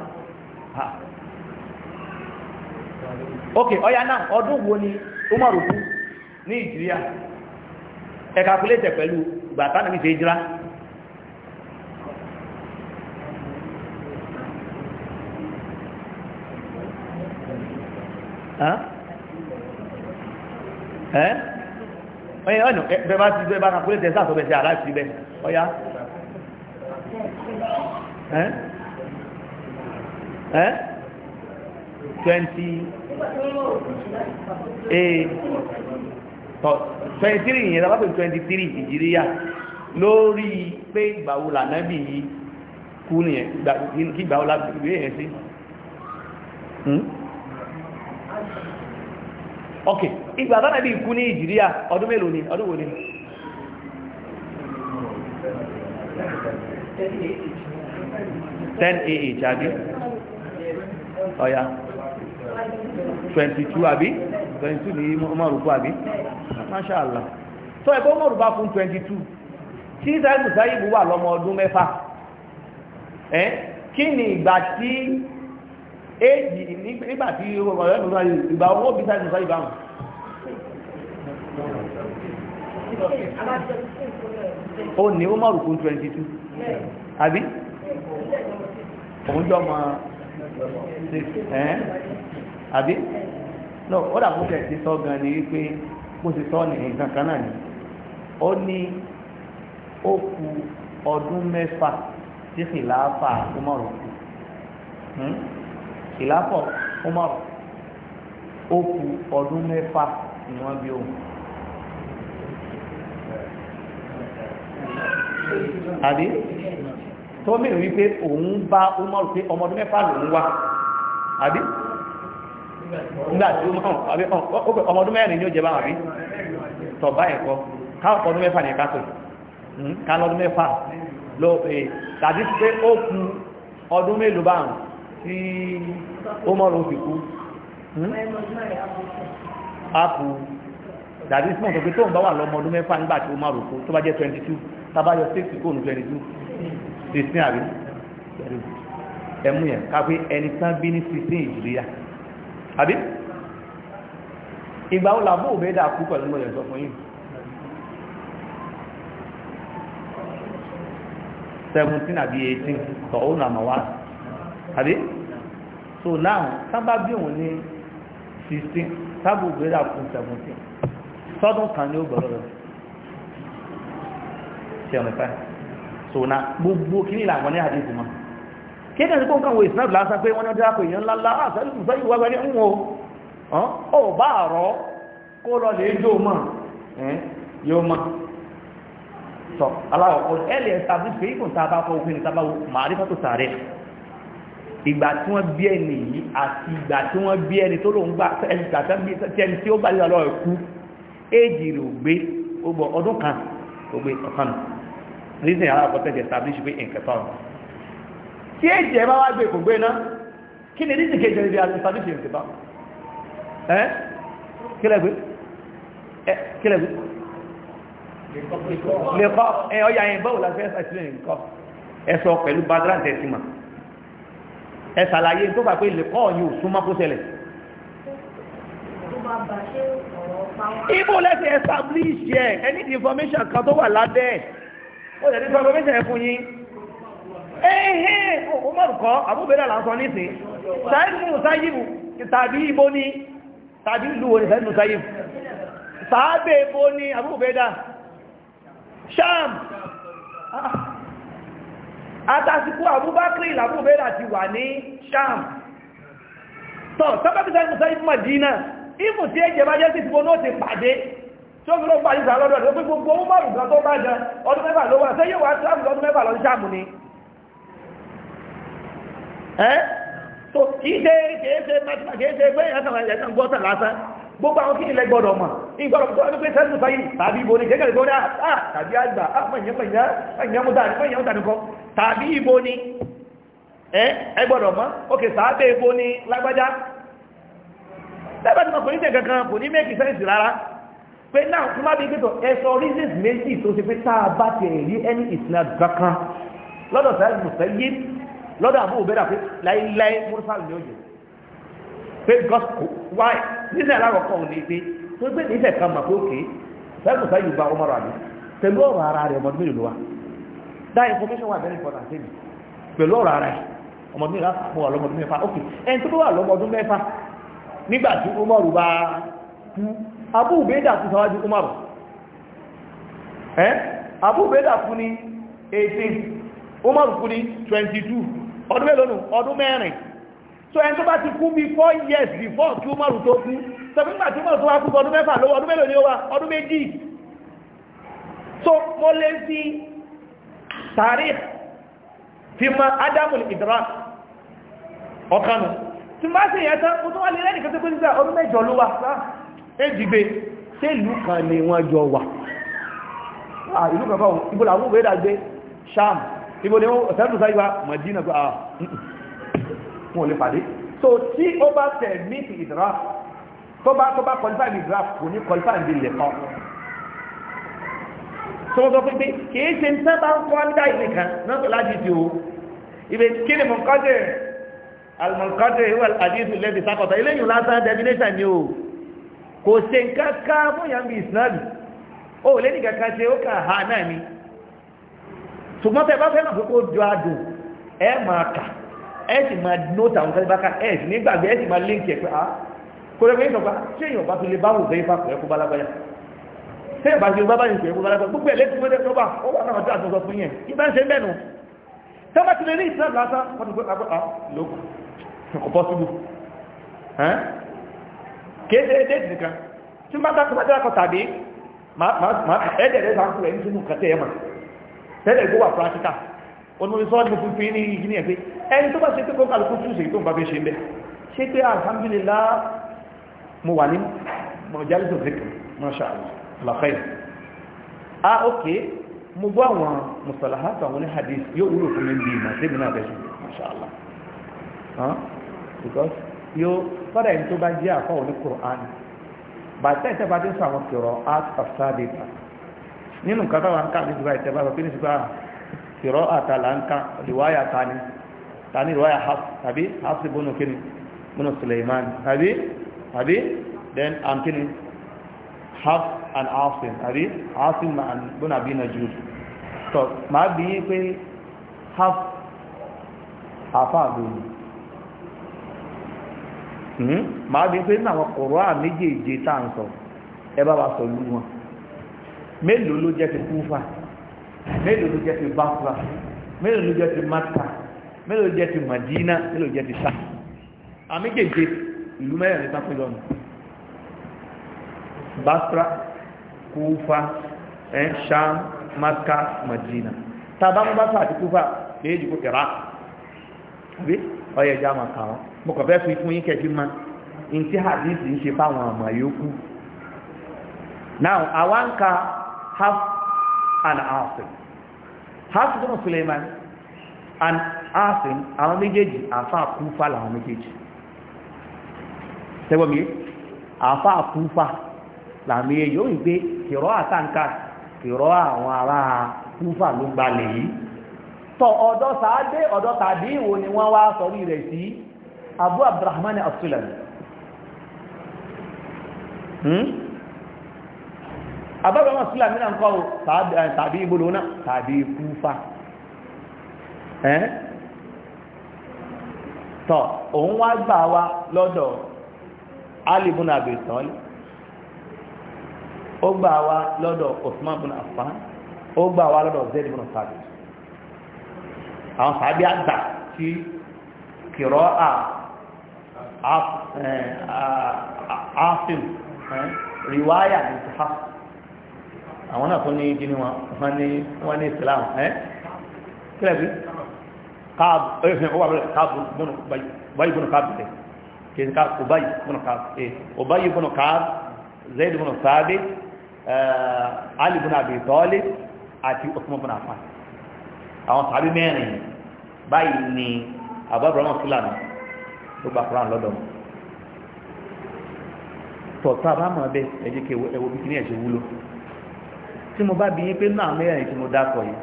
Speaker 1: ok ọya náà ọdún wo ni ó máa rò kú ní ìjìríyá ẹ̀ka kúlẹ̀tẹ̀ pẹ̀lú ẹ̀yìn ọ̀nà bẹ bá ti bẹ bá kàkúlé tẹ̀sà sọ bẹ̀sẹ̀ aláìsí bẹ ọya ẹ́ 20 eh 23 yẹn lábápẹ̀ 23 ìjìríyà lórí pé ìgbàwó lànàbì yìí kú nìyẹn kí ìgbàwó lábí ìwé sí ok ìgbà tánà bí ikú ní ìjìríà ọdún mélòó ni ọdún wo ni
Speaker 2: ten ah àbí ọ̀yá twenty two àbí twenty two
Speaker 1: ní mọ́rùkú àbí masha So, ẹ̀kọ́ mọ́rùkú fún twenty two tí sáyẹ̀ sáyẹ̀ wà lọ́mọ ọdún mẹ́fà ẹ́ kí ni ìgbà tí éèjì nígbà tí ọ̀rẹ́ mi máa ìgbà owó bí sáyẹn sọ ìgbà wọn. ó ní ó mọ̀rù kún twenty two àbí òun jọ mọ àbí no ó dà fúnkẹ́ ti sọ gan ni wípé bó ti sọ nìyí kankan náà ni ó ní ó ku ọdún mẹ́fà tí kìláàfà ó mọ̀rù kù. Hmm? ìlàpọ̀ Umar ó kù ọdún mẹ́fà ni wọ́n bí òun.
Speaker 2: àbí tó mìíràn
Speaker 1: wípé òun bá Umar pé ọmọ ọdún mẹ́fà lòun wá àbí
Speaker 2: nígbàtí
Speaker 1: ọmọ ọdún mẹ́rin ni ó jẹ báwọn àbí tọ̀bá ẹ̀kọ́ káàkọ́ ọdún mẹ́fà ní ẹ̀kásọ̀ ká hmm, lọ́dún mẹ́fà lọ pé tàbí pé ó kù ọdún mélòó báwọn
Speaker 2: tí ó mọ́rún ti kú hmm?
Speaker 1: ápù dàbí sí ọ̀sọ̀ pé tó ń bá wà lọ́mọ ọdún mẹ́fà nígbà tí ó mọ́rún kú tó bá jẹ́ 22 tàbáyọ 6 kóònù 22 16 àrí ẹmú yẹn káfí ẹni tán bí ní 16 ìjìríyà àbí ìgbà ó làbó òbẹ́dà kú pẹ̀lú mọ̀ yẹn sọ fún yìí 17 àbí 18 tọ̀ ó nà mọ̀ wá àbí so now sábà bí òun ní 16 sábà ògbéra fún 17 sọ́dún kan ní ó gbọ́rọ̀ lọ ṣe ọ̀nà ìfẹ́ so na gbogbo kí ní ìlànà ní àdínkù mọ́ kí ní ẹ̀sìnkó nǹkan wo ìsinmi lásán pé wọ́n ní ọdún àpò èèyàn ńláńlá àṣẹ́lú ah, ìsọ́yí wá gbẹ́rẹ́ ń wo ọ̀ bá àrọ́ kó lọ lè jó mọ́ yóò mọ́ sọ aláwọ̀ ẹ̀lẹ́ ẹ̀sàbí pé ìkùn tá a bá kọ́ òfin ìtàbáwò màrífà tó sàárẹ̀ ìgbà tí wọ́n bí ẹni yìí àti ìgbà tí wọ́n bí ẹni tó lóun gbà ẹgbà tí ẹni tí ó bá lọ́rọ̀ ẹ̀kú éjì rẹ̀ ò gbé ogbọ̀ ọdún kan ò gbé ọ̀kan reason yàrá àkọ́tẹ́ ti establish pé nǹkan tọ́rọ tí éjì ẹ bá wá gbé kò gbé náà kí ni reason kejì rẹ̀ ti establish nǹkan tọ́rọ ẹ́ kílẹ̀ gbé ẹ́ kílẹ̀ gbé lè kọ́ ẹ̀ ọ̀yà yẹn báwo la fẹ́ ẹ̀sọ́ pẹ̀lú background tẹ̀sí mà ẹ ṣàlàyé tó bá pé lè kọ́ ọ̀yìn ò súnmọ́ kó ṣẹlẹ̀. ibo lẹ́sẹ̀ establish ẹ̀ ẹni di information kan tó wà lábẹ́ ẹ̀
Speaker 2: ó lè ní information ẹ̀ fún yín.
Speaker 1: o mọ̀ kọ́ àbúbẹ̀rẹ̀ là ń sọ nísìn sáyẹ́nù sáyẹ́nù tàbí ibo ni tàbí ìlú wo ni sáyẹ́nù sáyẹ́nù sàábẹ̀ ibo ni àbúbẹ̀rẹ̀ Sham. Ah, àtàsìkò àbúbákìrì làbúbẹ́rẹ̀ àti wà ní sham tọ́ sábàbísà ìmùsà ìmọ̀ dínà ìmù tí ẹjẹ bá jẹ́ sí ìfipò náà ti pàdé tí ó fi lọ́pàá ìsà lọ́dọ̀ rẹ̀ pé gbogbo ó márùn gan tó bá gan ọdún mẹ́fà ló wà sẹ́yẹ̀ wà sáàmù ọdún mẹ́fà lọ sáàmù ni ẹ́ tó kìí ṣe kìí ṣe mẹ́tìmá kìí ṣe pé ẹ̀sàn gbọ́sàn gbogbo àwọn kíni lẹ́gbọ́dọ̀ mọ̀ ìgbọ́dọ̀ tó wọ́n pé sẹ́sù fáyìí tàbí ibo ni jẹ́gẹ̀rẹ̀ gbọ́dọ̀ ah, tàbí àgbà àpọ̀nyẹ́mọ̀dánìkọ́ ah, tàbí ibo ni ẹgbọ́dọ̀ mọ̀ ókè sàábẹ̀ ibo ni lágbájá lẹ́gbàtí ọkùnrin tẹ̀ kankan kò ní mẹ́kì sẹ́ẹ̀sì rárá pé náà tí má bí pẹ́tọ̀ ẹsọ reasons méjì tó ṣe pé táà bá tẹ̀ rí ẹni ìsinà kankan lọ́dọ̀ sẹ́ẹ̀sì mùsẹ́yí lọ́dọ̀ àbúrò bẹ́dà pé láíláí mọ́sálì ní òjò pé gọ́sùkú wáyé níṣẹ́ alákọ̀ọ́kọ́ ò ní gbé tó gbé níṣẹ́ kan mà kókè fẹ́kù sáyù bá ọmọ rà ní pẹ̀lú ọ̀rọ̀ ara rẹ̀ ọmọdún mélòó wa that information was very important to me pẹ̀lú ọ̀rọ̀ ara rẹ̀ ọmọdún mélòó wa lọ́mọdún mẹ́fà ok ẹni tó wà lọ́mọdún mẹ́fà nígbà tí Umaru bá kú Abu Ubeda kú sáwájú Umaru ẹ́ Abu beda kú ní 18 Umaru kú ní 22 ọdún mélòó nù ọdún so ẹni tó bá ti kú bí four years before kí Umaru tó kú sọfún ìgbà tí Umaru tó wá kú ọdún mẹ́fà lọ́wọ́ ọdún mélòó ni ó wà ọdún méjì so mo lè fi tàrí fi ma Adamul Idrak ọ̀kanu tí má sì yẹn tán mo tó wà lè lẹ́nìí kẹsẹ́ pé nígbà ọdún mẹ́jọ ló wà sáà éjìgbé ṣé ìlú kan ni wọ́n jọ wà ah, ìlú kan fáwọn ibo làwọn òwe dàgbé Sham ibo ni ó ọ̀sẹ̀ lùsáyíwá Madina pé ah fún olè pàdé so tí ó bá tẹ̀ meet ìdíraf tó bá tó bá qualify the draft kò ní qualify the lè kọ́ tó wọ́n sọ pé kìí ṣe ní sábà ń kọ́ nígbà ìlú kan náà tó láti di o ìbè kí ni mọ̀kọ́dé almọ̀kọ́dé ìwà àdíṣù lẹ́bi sákọ̀tà eléyìn lásán definition ni o kò ṣe nǹkan ká fún yàn bí ìsinábì ó lé ní kankan ṣe ó kà á náà ni ṣùgbọ́n tẹ bá fẹ́ràn pé kó ju adùn ẹ máa kà ẹ̀ sì máa nóòtù àwọn sálíbákà ẹ̀ sì nígbàgbé ẹ̀ sì máa líǹkì ẹ̀ pé ah kòrẹ́gbẹ́ yìí sọ̀pá ṣé èèyàn bá fi lè bá wùfẹ́ ifá pẹ̀lú ẹ̀kọ́ balagbaya ṣé ìbá fi bábá yìí pẹ̀lú balagbaya gbogbo ẹ̀lẹ́kùn mẹ́tẹ́ tó bá ah, ó wà náà tó àtúnṣọ fún yẹn ibà ń ṣe mẹ́nu tọ́ba ti lè ní ìsìlẹ̀ lásán wọ́n ti gbé àgbà á lóko kò pọ́sibú kìí ṣe déètì nìkan tí wọ́n bá dá tọ́ba dára kọ tàbí ẹ̀ẹ́dẹ̀ẹ́dẹ́ onímọ̀sọ́ọ̀dì fún fi ní ìgbìní ẹ̀fẹ́ ẹni tó bá ṣe pé kó kàlùkù túnṣe tó ń bá fẹ́ ṣe mẹ́ ṣe pé alhamdulillah mo wà ní mọ̀jálìsò zikr masha Allah khair ah ok mo gbọ́ àwọn mùsàlàhátà àwọn oníhadis yóò wúlò fún mi bí ìmọ̀ sí ìmìnà bẹ́ṣù because yóò fọ́dà ẹni tó bá Qur'an bàtà ìtẹ́bà tí ń sọ àwọn kìrọ̀ art of service nínú kátàwà ń kìrọ́ àtàlà ń kan ìwáyà tani tani ìwáyà àbí hafsi bónú kíni bónú suleiman àbí àbí then am kíni haf and asim àbí asim and bónú àbí najud so máa bí yí pé haf àfáà gbòòrò máa bí pé náà kọ̀rọ̀ à méjèèje tá à ń sọ wa sọ lú mélòó ló jẹ́ ti kú mélòó ló jẹ́ Basra mélòó ló jẹ́ ti Maka mélòó ló Madina, ti Madina mélòó ló jẹ́ ti sa àméjèèjì ìlú mẹ́rin sáfún Basra Kufa ẹ̀ Sham Madina Taa Bamu Basra ati Kufa kéèjì kó kẹ̀rá àbí ọyẹ ẹja máa kà wọ́n mo kàn fẹ́ fi fún yín kẹ́kí ma ní tí hadith and Asim Hafs ibn Sulaiman and Asim àwọn méjèèjì kufa Kúfà làwọn méjèèjì tẹ́gbọ́n mi àfáà Kúfà la méjèèjì ó ń gbé kìrọ́ àtàǹkà kìrọ́ àwọn ará Kúfà ló gbalẹ̀ yìí tọ ọ̀dọ́ sàádé ni wọ́n wá sọ̀rí re si Abu Abdurrahman as-Sulami hmm? àbábà wọn sílà mìíràn kọ́ o tàbí ibòlò náà tàbí kúfà ẹ́n tọ́ òun wá gbà wá lọ́dọ̀ alìbùn àbẹ̀tọ́lì ó gbà wá lọ́dọ̀ Osman bin ó gbà wá lọ́dọ̀ Zaid àwọn àgbà tí kìrọ́ à ní ti hafi àwọn náà tó ní gíní wọn ní wọ́n ní islam ẹ́ kílẹ̀bí káàbù báyìí bọ́nà káàbù tẹ̀ kìí káàbù báyìí bọ́nà káàbù tẹ̀ ọbáyìí bọ́nà káàbù zaid bọ́nà sáàbì ali bọ́nà àbì tọ́lì àti osman bọ́nà afán àwọn sàbí mẹ́rin báyìí ni àbábọ̀rán fúlàní tó gbà fúlàní lọ́dọ̀ wọn tọ̀tọ̀ àbámọ̀ bẹ́ẹ̀ ẹ̀jẹ̀ kí ẹwọ́ bí kí ní ẹ̀ṣẹ̀ wúlò tí mo bá bí yín pé náà mẹ́rin tí mo dákọ̀ yìí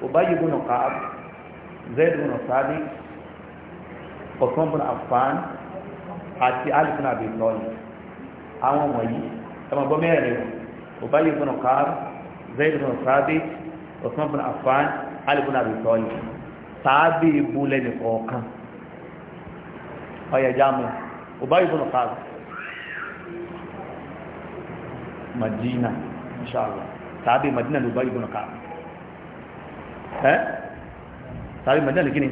Speaker 1: kò bá yìí gbọ́nà ká zaid gbọ́nà sáábì ọ̀sán gbọ́nà afán àti alifun àbí ìtọ́lì àwọn wọ̀nyí ẹmọ gbọ́ mẹ́rin wọn kò bá yìí gbọ́nà ká zaid gbọ́nà sáábì ọ̀sán gbọ́nà afán alifun àbí ìtọ́lì sáábì ibu lẹ́nu kọ̀ọ̀kan ọ̀yẹ̀já mu kò bá yìí gbọ́nà ká Madina, inshallah. sàábì madina ló bá ìbùn ká ẹ́ eh? sàábì madina ló kí ni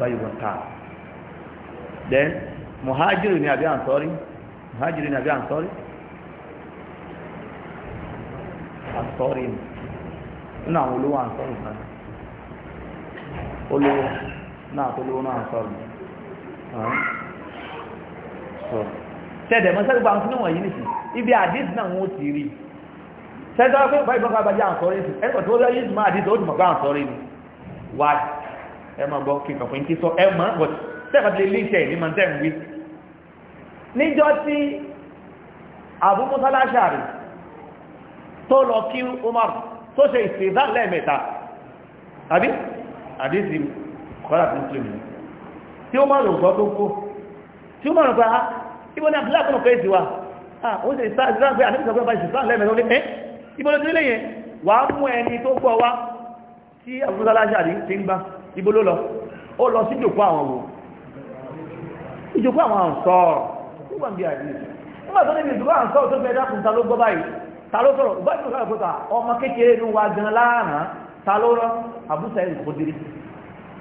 Speaker 1: bá ìbùn then muhajiru ni àbí ansori muhajiru ni àbí ansori ansori nínú àwọn olówó na kan olówó náà tó lówó náà ansori tẹ́ẹ̀dẹ̀ mọ́sálùgbà àwọn tí wọ́n yìí nìsí ibi àdíjì náà wọ́n ti sẹ́ńtọ́ pé báyìí bọ́ká bàjẹ́ àǹsọ́rí sí ẹ̀kọ́ tó lọ́yìn ìsìnmọ́ àdìsọ́ ó dùn mọ̀gbá àǹsọ́rí ni wà ẹ máa gbọ́ kí kàfún kí sọ ẹ máa bọ̀ tẹ́fà tí lè tẹ̀ ní máa tẹ̀ ń wí níjọ́ tí Abu Musa Al-Ash'ari tó lọ kí Umar tó ṣe ìsìnzá lẹ́ẹ̀mẹ́ta àbí àdìsí kọ́lá tó ń tún mi tí Umar lò gbọ́ tó kú tí Umar lò gbọ́ ah, ibo ni Abdullahi kọ́nà ah, kọ́ eh? ìbòlò tí ó lè yẹn wà á mú ẹni tó gbọ́ wá tí àbúrúsáláṣàrí ti ń gbá ìbòlò lọ ó lọ sí ìjòkó àwọn wo ìjòkó àwọn àǹsọ́ nígbà bí àìrí nígbà tó níbi ìjòkó àǹsọ́ tó fẹ́ dákùn ta ló gbọ́ báyìí ta ló sọ̀rọ̀ bá ìjòkó àìkó ta ọmọ kékeré ní wa gan láàrán ta ló rán àbúsà ìlú kòdìrí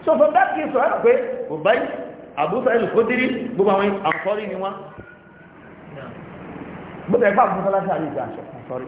Speaker 1: so from that case sọ ẹ́nà pé òbáyì àbúsà ìlú kòdìrí gbogbo àwọn àǹsọ́rí ni wọ́n gbogbo ẹgbẹ́ àbúsà láti àríjà àṣọ àǹsọ́rí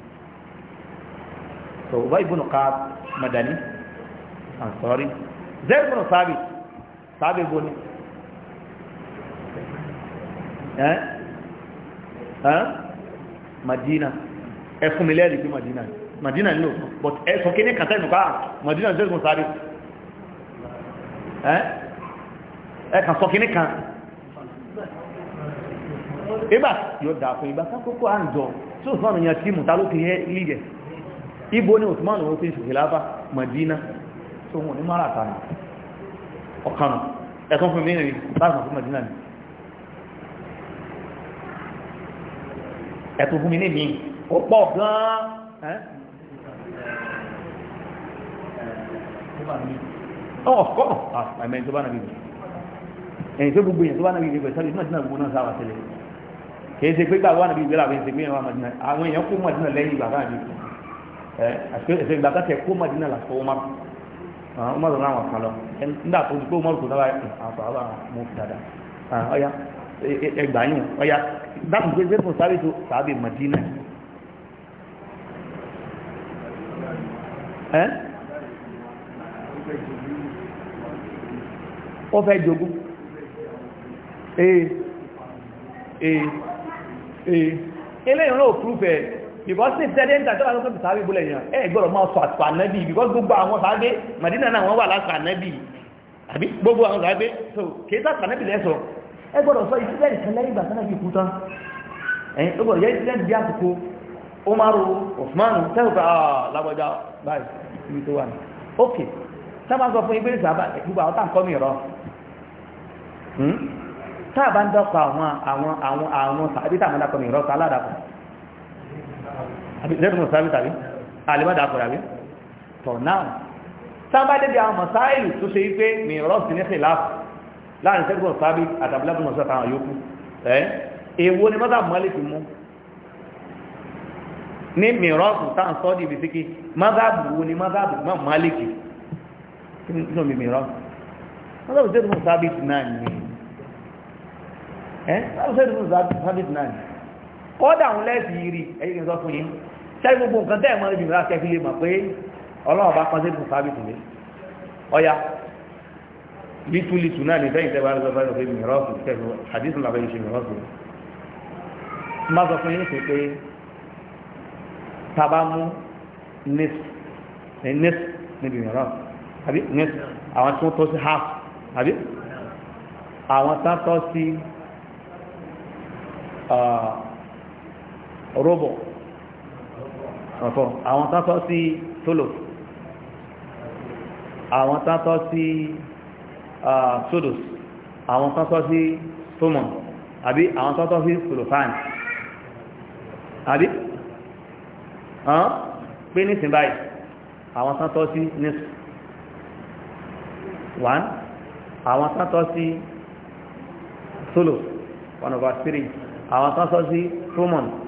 Speaker 1: so Ubay ibn Ka'b Madani Ansari ah, Zayd ibn Thabit Thabit ibn eh eh Madina ẹ fún mi lẹ́rìí pé Madina Madina ni o but ẹ sọ kí ní kàtẹ́ ìnùká Madina Zayd ibn Thabit eh ẹ kàn sọ kí ní kan ìgbà yóò dà fún ìgbà sákòókò àjọ tí ó sọ́nà yẹn tí mùtálókè yẹ lídẹ̀ẹ́ ibo ni Usman ó ti ń ṣìkìláfà Madina tó wọn ní mara àtàrà ọ̀kanà ẹ̀tún fún mi rìn láti fún Madina ni ẹ̀tún fún mi ní mi ó pọ̀ gan-an ọ̀kọ́ àmẹ́ni ah, tó bá nàbí ẹ̀yìn tó gbogbo èèyàn tó bá nàbí ìgbẹ̀ sọ́lẹ̀ náà gbogbo náà sáwà tẹ́lẹ̀ kìí ṣe pé gbàgbọ́ nàbí ìgbẹ̀lá àwọn èèyàn kó mọ̀ ẹ̀sẹ̀ ìgbà kan tẹ̀ kó Madina là fọ Umar ah, Umar náà wà kálọ̀ nígbà tó ti pé Umar kò sábà àfọ àwọn mọ̀ dada ọ̀ya ah, ẹgbàá yìí ọ̀ya dákùn pé zẹ́fún sábẹ́ tó sábẹ́ Madina ẹ́ ó fẹ́ jogún ee ee ee eléyìí náà prúfẹ̀ẹ́ because ní tẹ́lẹ̀ ń tàjọ́ àwọn ọ̀sán sábẹ́ ìbúlẹ̀ yẹn ẹ gbọ́dọ̀ máa sọ àtúwà nábì because gbogbo àwọn sábẹ́ Madina náà wọ́n wà lásà nábì àbí gbogbo àwọn sábẹ́ so kìí sàtà nábì lẹ́sọ ẹ gbọ́dọ̀ sọ ìsílẹ̀ ìsẹ̀lẹ̀ ìgbà sáná fi kúta ẹ̀yìn ó gbọ́dọ̀ yẹ ìsílẹ̀ bí àsìkò Umaru Usman tẹ́lifà ah, lágbọ́já báyìí ibi tó wà ní ok sábà sọ fún ibẹ̀ sábà gbogbo àwọn táǹkọ́ mi rọ hmm? táàbà ń dọ́kọ̀ àwọn àwọn àwọn àwọn zẹ́dùnmù sáàbì tàbí alìmọ́dà kọ̀rọ̀ àbí tọ̀ náà sábà débi àwọn mọ̀sáìlù tó ṣe wípé mi rọ́ọ̀sì ní fìlàfù láàrin zẹ́dùnmù sáàbì àtàbílẹ́bùnmù sọ́ta àwọn yòókù ẹ́ èwo ni mọ́tà mọ́lìkì mú ní mi rọ́ọ̀sì táà ń sọ́ di ibi síkí mọ́tàbù wo ni mọ́tàbù mọ́ mọ́lìkì nínú mi mi rọ́ọ̀sì mọ́tàbù zẹ́dùnmù sáàbì náà ni ẹ́ mọ́tàbù zẹ́dùnmù sáàbì náà ni kọ́dà àwọn lẹ́sì yìí rí ẹ̀yìn sọ fún yín sẹ́yìn gbogbo nǹkan tẹ́ ẹ̀ mọ́ níbi mìíràn kẹ́kí lè mọ̀ pé ọlọ́run bá pọ́n sí ìdùn sábì tì mí ọ̀yà lítúlítù náà ní sẹ́yìn tẹ́ bá lọ bá lọ pé mìíràn ọ̀sùn kẹ́kí àdìsí làbẹ́ yìí ṣe mìíràn ọ̀sùn má sọ fún yín sí pé tàbá mú nes nes níbi mìíràn àbí nes àwọn tí wọ́n tọ́ sí half àbí àwọn tán tọ́ sí ah, rọ́bọ̀ ọ̀fọ́ àwọn tátọ́ sí tólò àwọn tátọ́ sí sodos àwọn tátọ́ sí tomon àbí àwọn tátọ́ sí solofan àbí pé ní símbáyì àwọn tátọ́ sí nisu 1 àwọn tátọ́ sí solos 1 over 3 àwọn tátọ́ sí tomon 1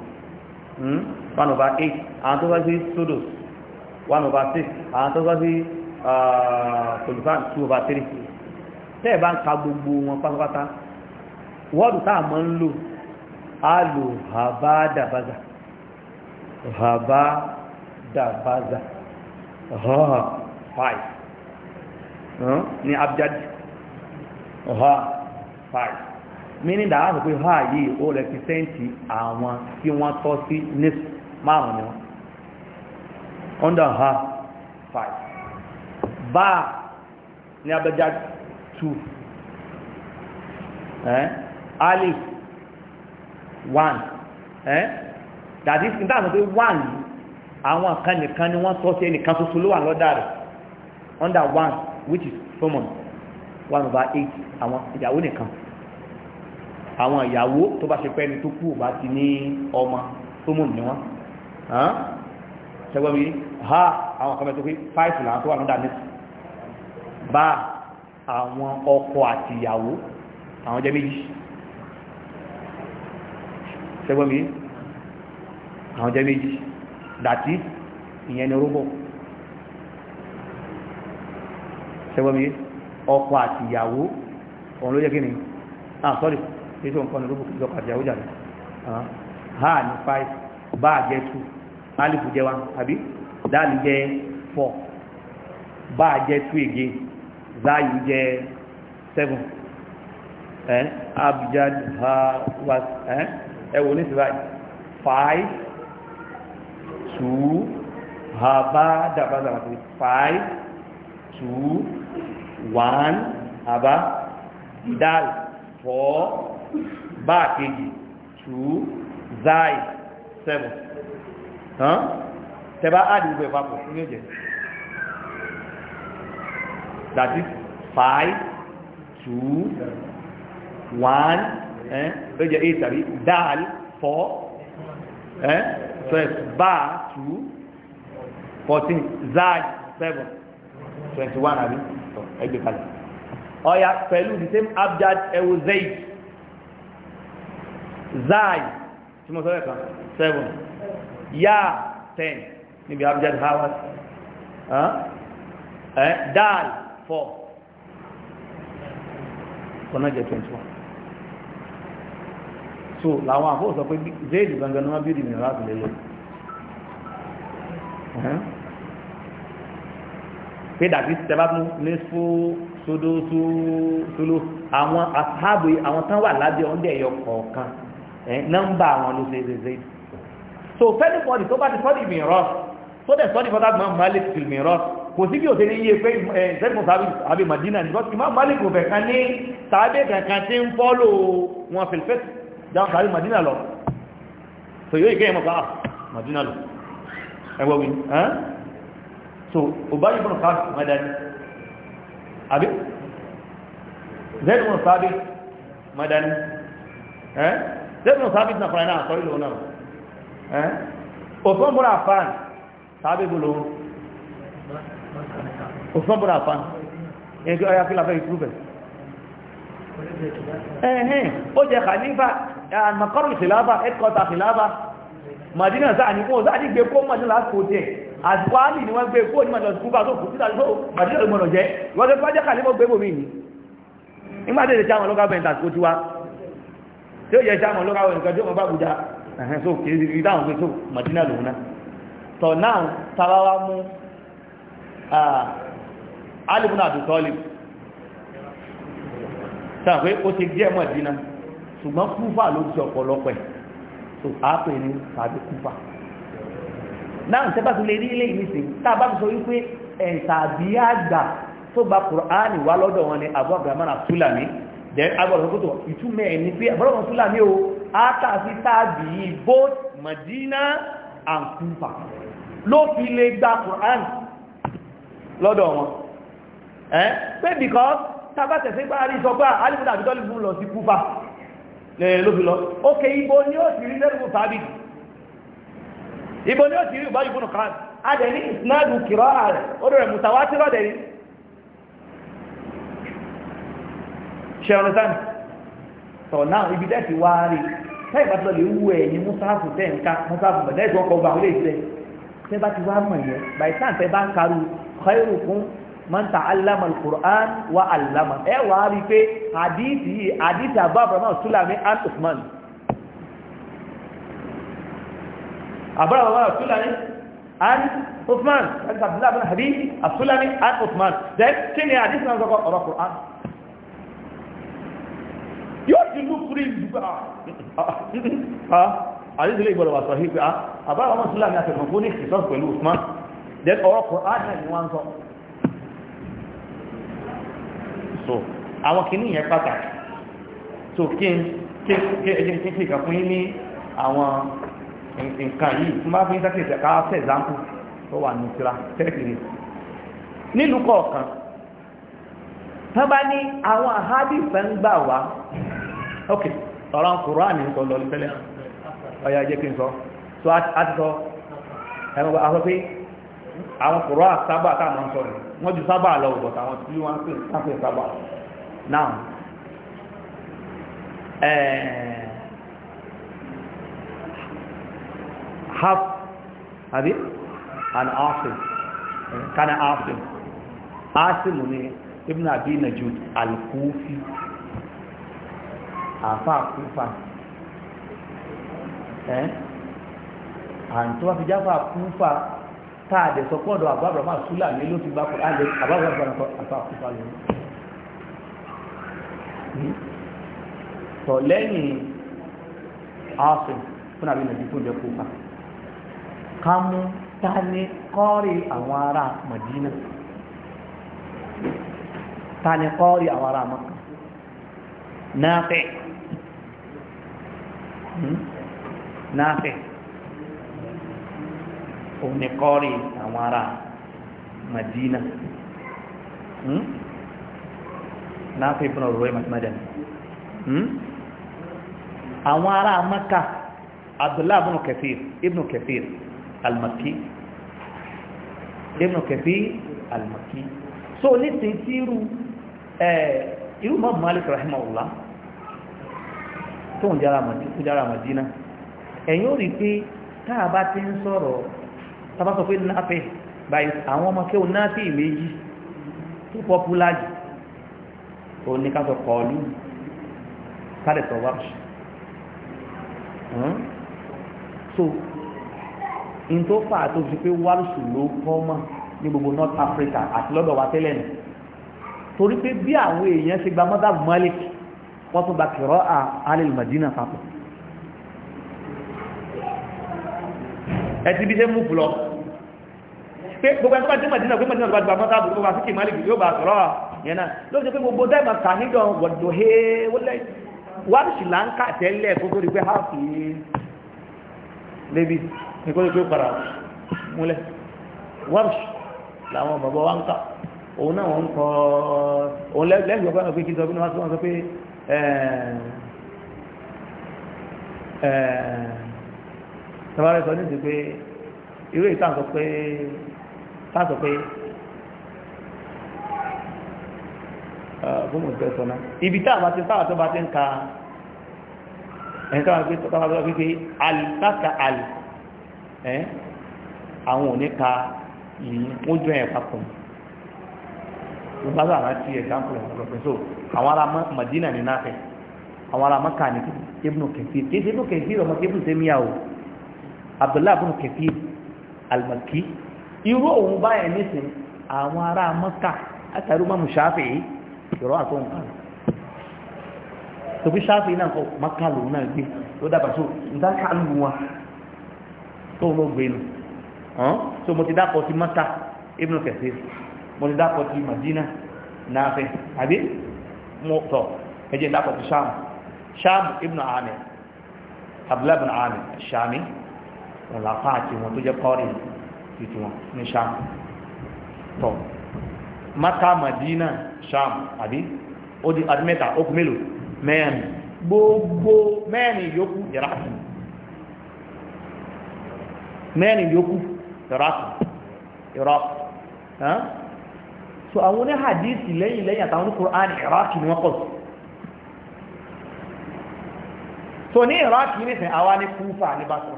Speaker 1: Hmm? one over eight àwọn tó bá sí sodo one over six àwọn tó bá sí solifan uh, two over three tẹ́ ẹ̀ bá ń ka gbogbo wọn pátápátá wọ́ọ̀dù táà mọ́ ń lò á lò habadabaza habadabaza ha five hmm? ni abjad ha five meaning that wọ́n sọ ha yìí ó rẹpítẹ́ǹtì àwọn tí wọ́n tọ́ sí ni under ha five báà ní two eh? alif one eh? that is in one àwọn kan nìkan ni wọ́n tọ́ sí under one which is common one over eight àwọn ìyàwó nìkan. àwọn ìyàwó tó bá ṣe pẹ́ ni tó kú bá ti ní ọmọ tó mú ní wọn ṣẹgbọ́n mi ha àwọn kan mẹ́tò pé five làwọn tó wà lọ́dà ní bá àwọn ọkọ àti ìyàwó àwọn jẹ́ méjì ṣẹgbọ́n mi àwọn jẹ́ méjì dàtí ìyẹn ni orúbọ̀ ṣẹgbọ́n mi ọkọ àti ìyàwó òun ló jẹ́ kí ni ah sorry ètò nǹkan ló bùkún lọ́kọ̀ àjàwó jàre ha ní five bá jẹ́ two alifu jẹ́ one àbí dáàlì jẹ́ four bá jẹ́ two again záyù jẹ́ seven eh, abjad ha wa eh, ẹ ẹ wò ní síbáyì five two ha bá dàbá dàbá sí five two one àbá dáàlì four bá àkejì two zai seven hàn tẹ́bá áàdì gbogbo ìpapọ̀ ní òjẹ̀ that is five two one ẹ́ eh? lójẹ̀ eight tàbí dal four
Speaker 2: ẹ́ eh? twelve
Speaker 1: bá two fourteen zai seven twenty one àbí ẹgbẹ̀kalẹ̀ ọ̀ya pẹ̀lú the same abjad ẹwọ zayt zai tí mo sọ́rọ̀ kan 7 ya 10 níbi abjad howard eh? dal 4 kọ́nà jẹ́ 21 so làwọn àfọ́ sọ pé zéèdì gangan ní wọ́n bí ìrìnà láti lè lọ pé dàbí tẹ́bá su ní fún sódó sóló àwọn àtàbí àwọn tán wà lábẹ́ Eh, nọ́mbà àwọn ló ṣe ṣe ṣe so fẹ́nìbọ̀dì tó bá ti sọ́dì mìíràn tó dẹ̀ sọ́dì fọ́dà mọ́ malik fil mìíràn kò sí bí ò tẹ́lẹ̀ yíye pé ẹ̀ẹ́dẹ́gbọ̀n eh, sábì àbí madina ní bọ́sí máa malik kò fẹ̀kan ní sábì kankan tí ń fọ́lò wọn fìlfẹ́ dáhùn sábì madina lọ so yóò ìkẹ́ ìmọ̀ká ah, madina lọ ẹwọ́ wí eh? so Ubay ibn Ka'b madani àbí zẹ́dùn sábì madani ẹ́ zẹ́nu sábì náà fúnra náà sọ ìlú náà ẹ́ òfin búra fan sábì bú lòun òfin búra fan ẹni kí ọya fílàfẹ́ ìtúrú bẹ̀ ẹ̀hìn ó jẹ khalifa àmàkọ́rù ìṣèlábà ẹ̀kọ́ta ìṣèlábà madina sáà ní kó sáà ní gbé kó madina lásìkò díẹ̀ àtìkò àmì ni wọ́n gbé kó ní madina kúbà tó jẹ́ wọ́n gbé kó jẹ́ khalifa gbé bòmí tí ó yẹ sáàmù ló ráwọ̀ nǹkan tí ó mọ̀ bá bùjá ẹ̀hẹ́n so kìí rí dáhùn pé tó Madina lòun náà tọ̀ náà tara wá mú alìbùn àdùtọ́lì sáà pé ó ti jẹ́ Madina ṣùgbọ́n kúfà ló ti ọ̀pọ̀lọpọ̀ ẹ̀ so àápè ní tàbí kúfà náà tẹ́bà tó lè rí ilé ìmísìn táà bá sọ wípé ẹ̀ tàbí àgbà tó gba Kùránì wá lọ́dọ̀ wọn ni Abu Abdurrahman then agbọ̀dọ̀ fún kòtò ìtumẹ̀ ní pé àbọ̀lọ́wọ̀n fúlàní o átàfi tàbí both Madina and Kufa ló fi lè gba Quran lọ́dọ̀ wọn ẹ́ pé because tabatẹ̀sẹ̀ gbá rí sọgbà alìfúdà àbí tọ́lìfún lọ sí Kufa ló fi lọ ókè ibo ni ó ti rí lẹ́rùn tàbí ibo ni ó ti rí ìbáyìbónù kan adẹ̀ ní ìsinájú kìrọ́ ààrẹ ó rẹ̀ mùsàwátírọ̀ dẹ̀ yìí ṣẹ̀rùn sáàmì so now ibi tẹ́ẹ̀tì wá rí táì bá tọ́lẹ̀ wú ẹ̀ ní mùsáàfù tẹ́ǹká mùsáàfù bẹ̀rẹ̀ ìṣọ́ ọkọ̀ ọgbà orí ìṣẹ́ tẹ́ bá ti wá mọ̀ yẹn by time tẹ́ bá ń karu khairukum man ta'allama al-Qur'an wa 'allama ẹ wà á rí pé àdìsí yìí àdìsí àbá àbúrámà sùlámì and usman àbúrámà sùlámì and usman àbúrámà habib then kí ni àdìsí náà sọ́kọ̀ ọ̀rọ̀ Qur'an yóò ti lú kúrí ìdúgbà àrídìlé ìgbọ̀lọ̀wà sọ hí pé a ah, àbára ọmọ sílá ní àtẹ̀mọ̀ fún ní ìsọ́s pẹ̀lú Usman then ọ̀rọ̀ kọ̀ áàrẹ̀
Speaker 2: ni wọ́n sọ so
Speaker 1: àwọn kìíní yẹn pàtàkì so kí n kí n kí n fún ní àwọn nǹkan yìí fún bá fi ń sákìlì tẹ̀ká fẹ́ example tó wà ní ìtura tẹ́kìlì nílùú kọ̀ọ̀kan tán bá ní àwọn àhádìí fẹ́ ń gbà wá ok ọ̀rọ̀ kùránì ń sọ lọ tẹ́lẹ̀ ọ̀yà jẹ́ kí n sọ so a ti sọ àwọn pé àwọn kùrọ̀ sábà sọ rẹ̀ wọ́n ju sábà lọ ọ̀bọ̀ táwọn tí wọ́n pè sábà now eh, half àbí an kana asim asim ni ibn abi najud al-kufi àfa kúfà ẹ́ àǹtọ́ wá fi jáfà kúfà tá a dẹ̀ sọ pọ́ọ̀dọ̀ àbábọ̀ máa súlà ní ló ti gbá kọ́ alẹ́ àbábọ̀ àbábọ̀ àfa kúfà lọ tọ̀ lẹ́yìn aṣọ fún àbí nàìjíríà fún ìjọ kúfà ká mú ta ni kọ́ọ̀rì àwọn ará Màdínà ta ni kọ́ọ̀rì àwọn ará Mákà Nafi' Hmm? náàfẹ́ òun ni kọ́rí àwọn ará Madina hmm? náàfẹ́ ibn Ruwayma mathmadan hmm? àwọn ará Maka Abdullah ibn Kathir ibn Kathir al-Makki ibn Kathir al-Makki so ní tí tí irú eh, irú mọ́ Malik rahimahullah tóun jára Màdínà ẹ̀yìn ó rí pé táà bá ti ń sọ̀rọ̀ tàbá sọ pé náfẹ́ báyìí àwọn ọmọ kéwù náà sí ìméjì tó pọ́pùlá jù tó ní ká kọlu kálẹ̀ hmm? so in tó fà tó fi pé wárùsù ló North Africa àti lọ́dọ̀ wa tẹ́lẹ̀ nù torí pé bí àwọn èèyàn ṣe gba mọ́tàbù Malik wọ́n tún gba kìrọ́ à alẹ́ Madina papọ̀
Speaker 2: ẹ ti bí ṣe mú fúlọ
Speaker 1: pé gbogbo ẹgbẹ́ tí Madina pé Madina gbogbo àmọ́ta àbúrò wà fíkì máàlì yóò bá sọ̀rọ̀ yẹn náà ló ṣe pé gbogbo dáìmà kà nídọ̀ wọ̀dọ̀ he wọlé wàá sì là ń kà tẹ́lẹ̀ kó tó di pé háàfì lébi ní kó tó di pé padà múlẹ̀ wàá sì làwọn bàbá wa ń kà òun náà wọ́n ń kọ́ òun lẹ́gbẹ̀ẹ́ tọ́wárí sọ ní ti pé irú ìta sọ pé ta sọ pé gómìnà ìfẹ́ sọ náà ibi tá àbá ti sáwà tó bá ti ń ka ẹ̀yìn táwọn pé tọ́wá tó wípé alì táàkà alì ẹ̀ àwọn ò ní ka yìí wọ́n jọ ẹ̀ papọ̀ àwọn ará Madina ní náà fẹ́ àwọn ará maka ní ibnu kẹfìr kí ibnu kẹfìr ọmọ kí ibnu tẹ́míyà o abdullahi ibnu kẹfìr almaki irú òun báyẹn nísìn àwọn ará maka àtàrí mọ́mù ṣáfì ìrọ̀ àtọ́hùn kan tòbí ṣáfì náà kọ maka lòun náà gbé tó dábàá tó ń dá kálù wọn tó ń gbé nù hàn so mo ti dápọ̀ ti maka ibnu kẹfìr mo ti dápọ̀ ti Madina náà fẹ́ àbí mọ́tọ̀ ẹjẹ́ ìdápọ̀ ti sáàmù sáàmù ibn amir abdullahi ibn amir sáàmì wọn làpá àti wọn tó jẹ́ kọ́rin títí wọn ní sáàmù tọ́ maka madina sáàmù àbí ó di admẹ́ta ó kú mélòó mẹ́rin gbogbo mẹ́rin yòókù iraki mẹ́rin yòókù iraki iraki so àwọn oní hadith lẹ́yìn lẹ́yìn àtàwọn ní Qur'an Iraq ni wọ́n kọ̀ so ní Iraq nìsìn àwa ní Kúfà ní Basra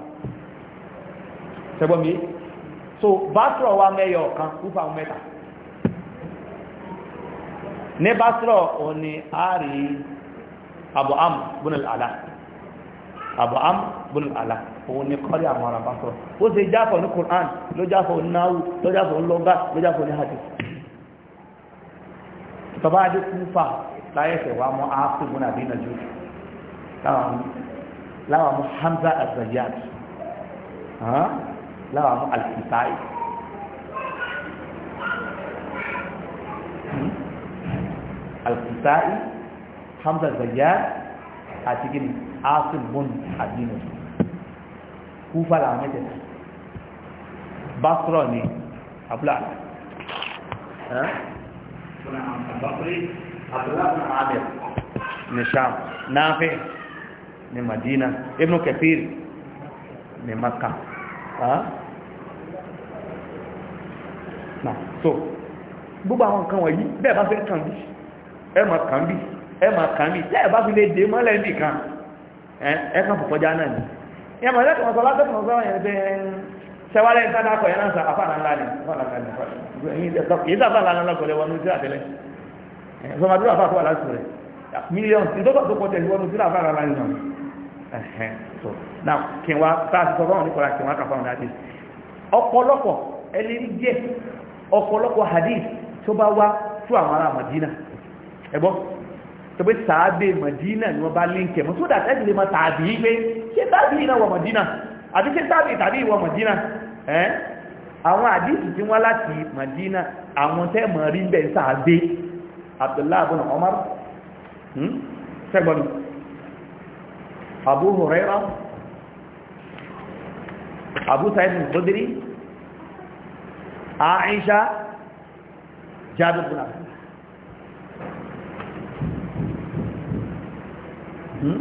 Speaker 1: ṣẹgbọ́n mi so Basra wa mẹ́yọ kan Kúfà mẹ́ta ní Basra òní àárí Abu Amr bin al-Ala Abu Amr bin al-Ala òun ni kọ́rí àwọn ará Basra ó ṣe jáfọ̀ ní Qur'an ló jáfọ̀ ní náwó ló jáfọ̀ ní lọ́gbà ló jáfọ̀ ní hadith tọba adé kúfà láyẹ̀sẹ̀ wa mọ́ áfíìmù nàbí nàjú láwa mọ́ hamza azayat láwa mọ́ alkifai hmm? alkifai hamza azayat àti gini áfíìmù nàbí nàjú kúfà làwọn mẹ́tẹ̀ẹ̀ta basra ni abúlá بن عمرو البصري عبد الله بن عامر من الشام نافع من مدينة ابن كثير من مكة ها نعم so gbogbo àwọn nǹkan wọ̀nyí bẹ́ẹ̀ bá fẹ́ kàn bí ẹ máa kàn bí ẹ máa kàn bí tẹ́ẹ̀ bá fi lè dé mọ́lẹ̀ bí kan ẹ kàn fòfọ́já náà ni ẹ máa lẹ́kọ̀ọ́ sọ látẹ́kọ̀ọ́ sọ́wọ́ yẹn bẹ́ẹ̀ sẹwàlẹ nsada akọ yẹn nansa afaana nla ni afaana nla ni yìí sábà lànà lọkọ lẹ wọn ní sílá tẹlẹ sọmadúró afa akọ aláṣọ rẹ mílíọ̀nù tí dọ́kọ̀ tó kọjá ìwọ́n sílá afaana ni nà ẹhẹn so now kí n wá sáàsì sọ fún àwọn oníkọlá kí n wá kà fún àwọn àdìs ọ̀pọ̀lọpọ̀ ẹlẹ́rìí díẹ̀ ọ̀pọ̀lọpọ̀ hadith tó bá wá fún àwọn ará Madina ẹ̀gbọ́n tó pé sàábẹ̀ Madina ni wọ́n bá líǹkẹ̀ mọ́ tó dàtẹ́ ìdílé máa tàbí pé ṣé tàbí náà wọ Madina àti kí sáàbì tàbí ìwọ Madina ẹ́ àwọn àdíṣì tí wọ́n láti Madina àwọn tẹ́ mọ̀ rí bẹ̀ sáàbé Abdullah ibn Umar sẹ́gbọ́n hmm, Abu Hurairah Abu Sa'id al-Khudri Aisha Jabir ibn Abdullah hmm?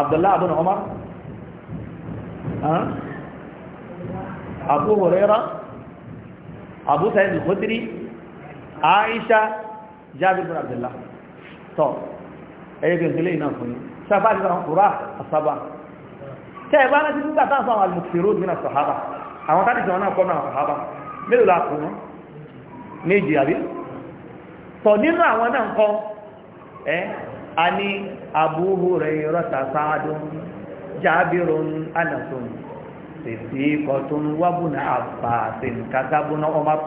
Speaker 1: Abdullah ibn Umar abu huraira abu sa'id al-khudri aisha jabir bin abdullah to ẹ̀yẹ́ kí n tilé iná fún yí sáfà àti àwọn kùrá àsábà tẹ́ ẹ̀bá náà ti fún gbàtà àwọn alìmùsíró nínú sàhábà àwọn a Abu Hurairah jabirun anasun sisikotun wabuna abbasin katabuna umar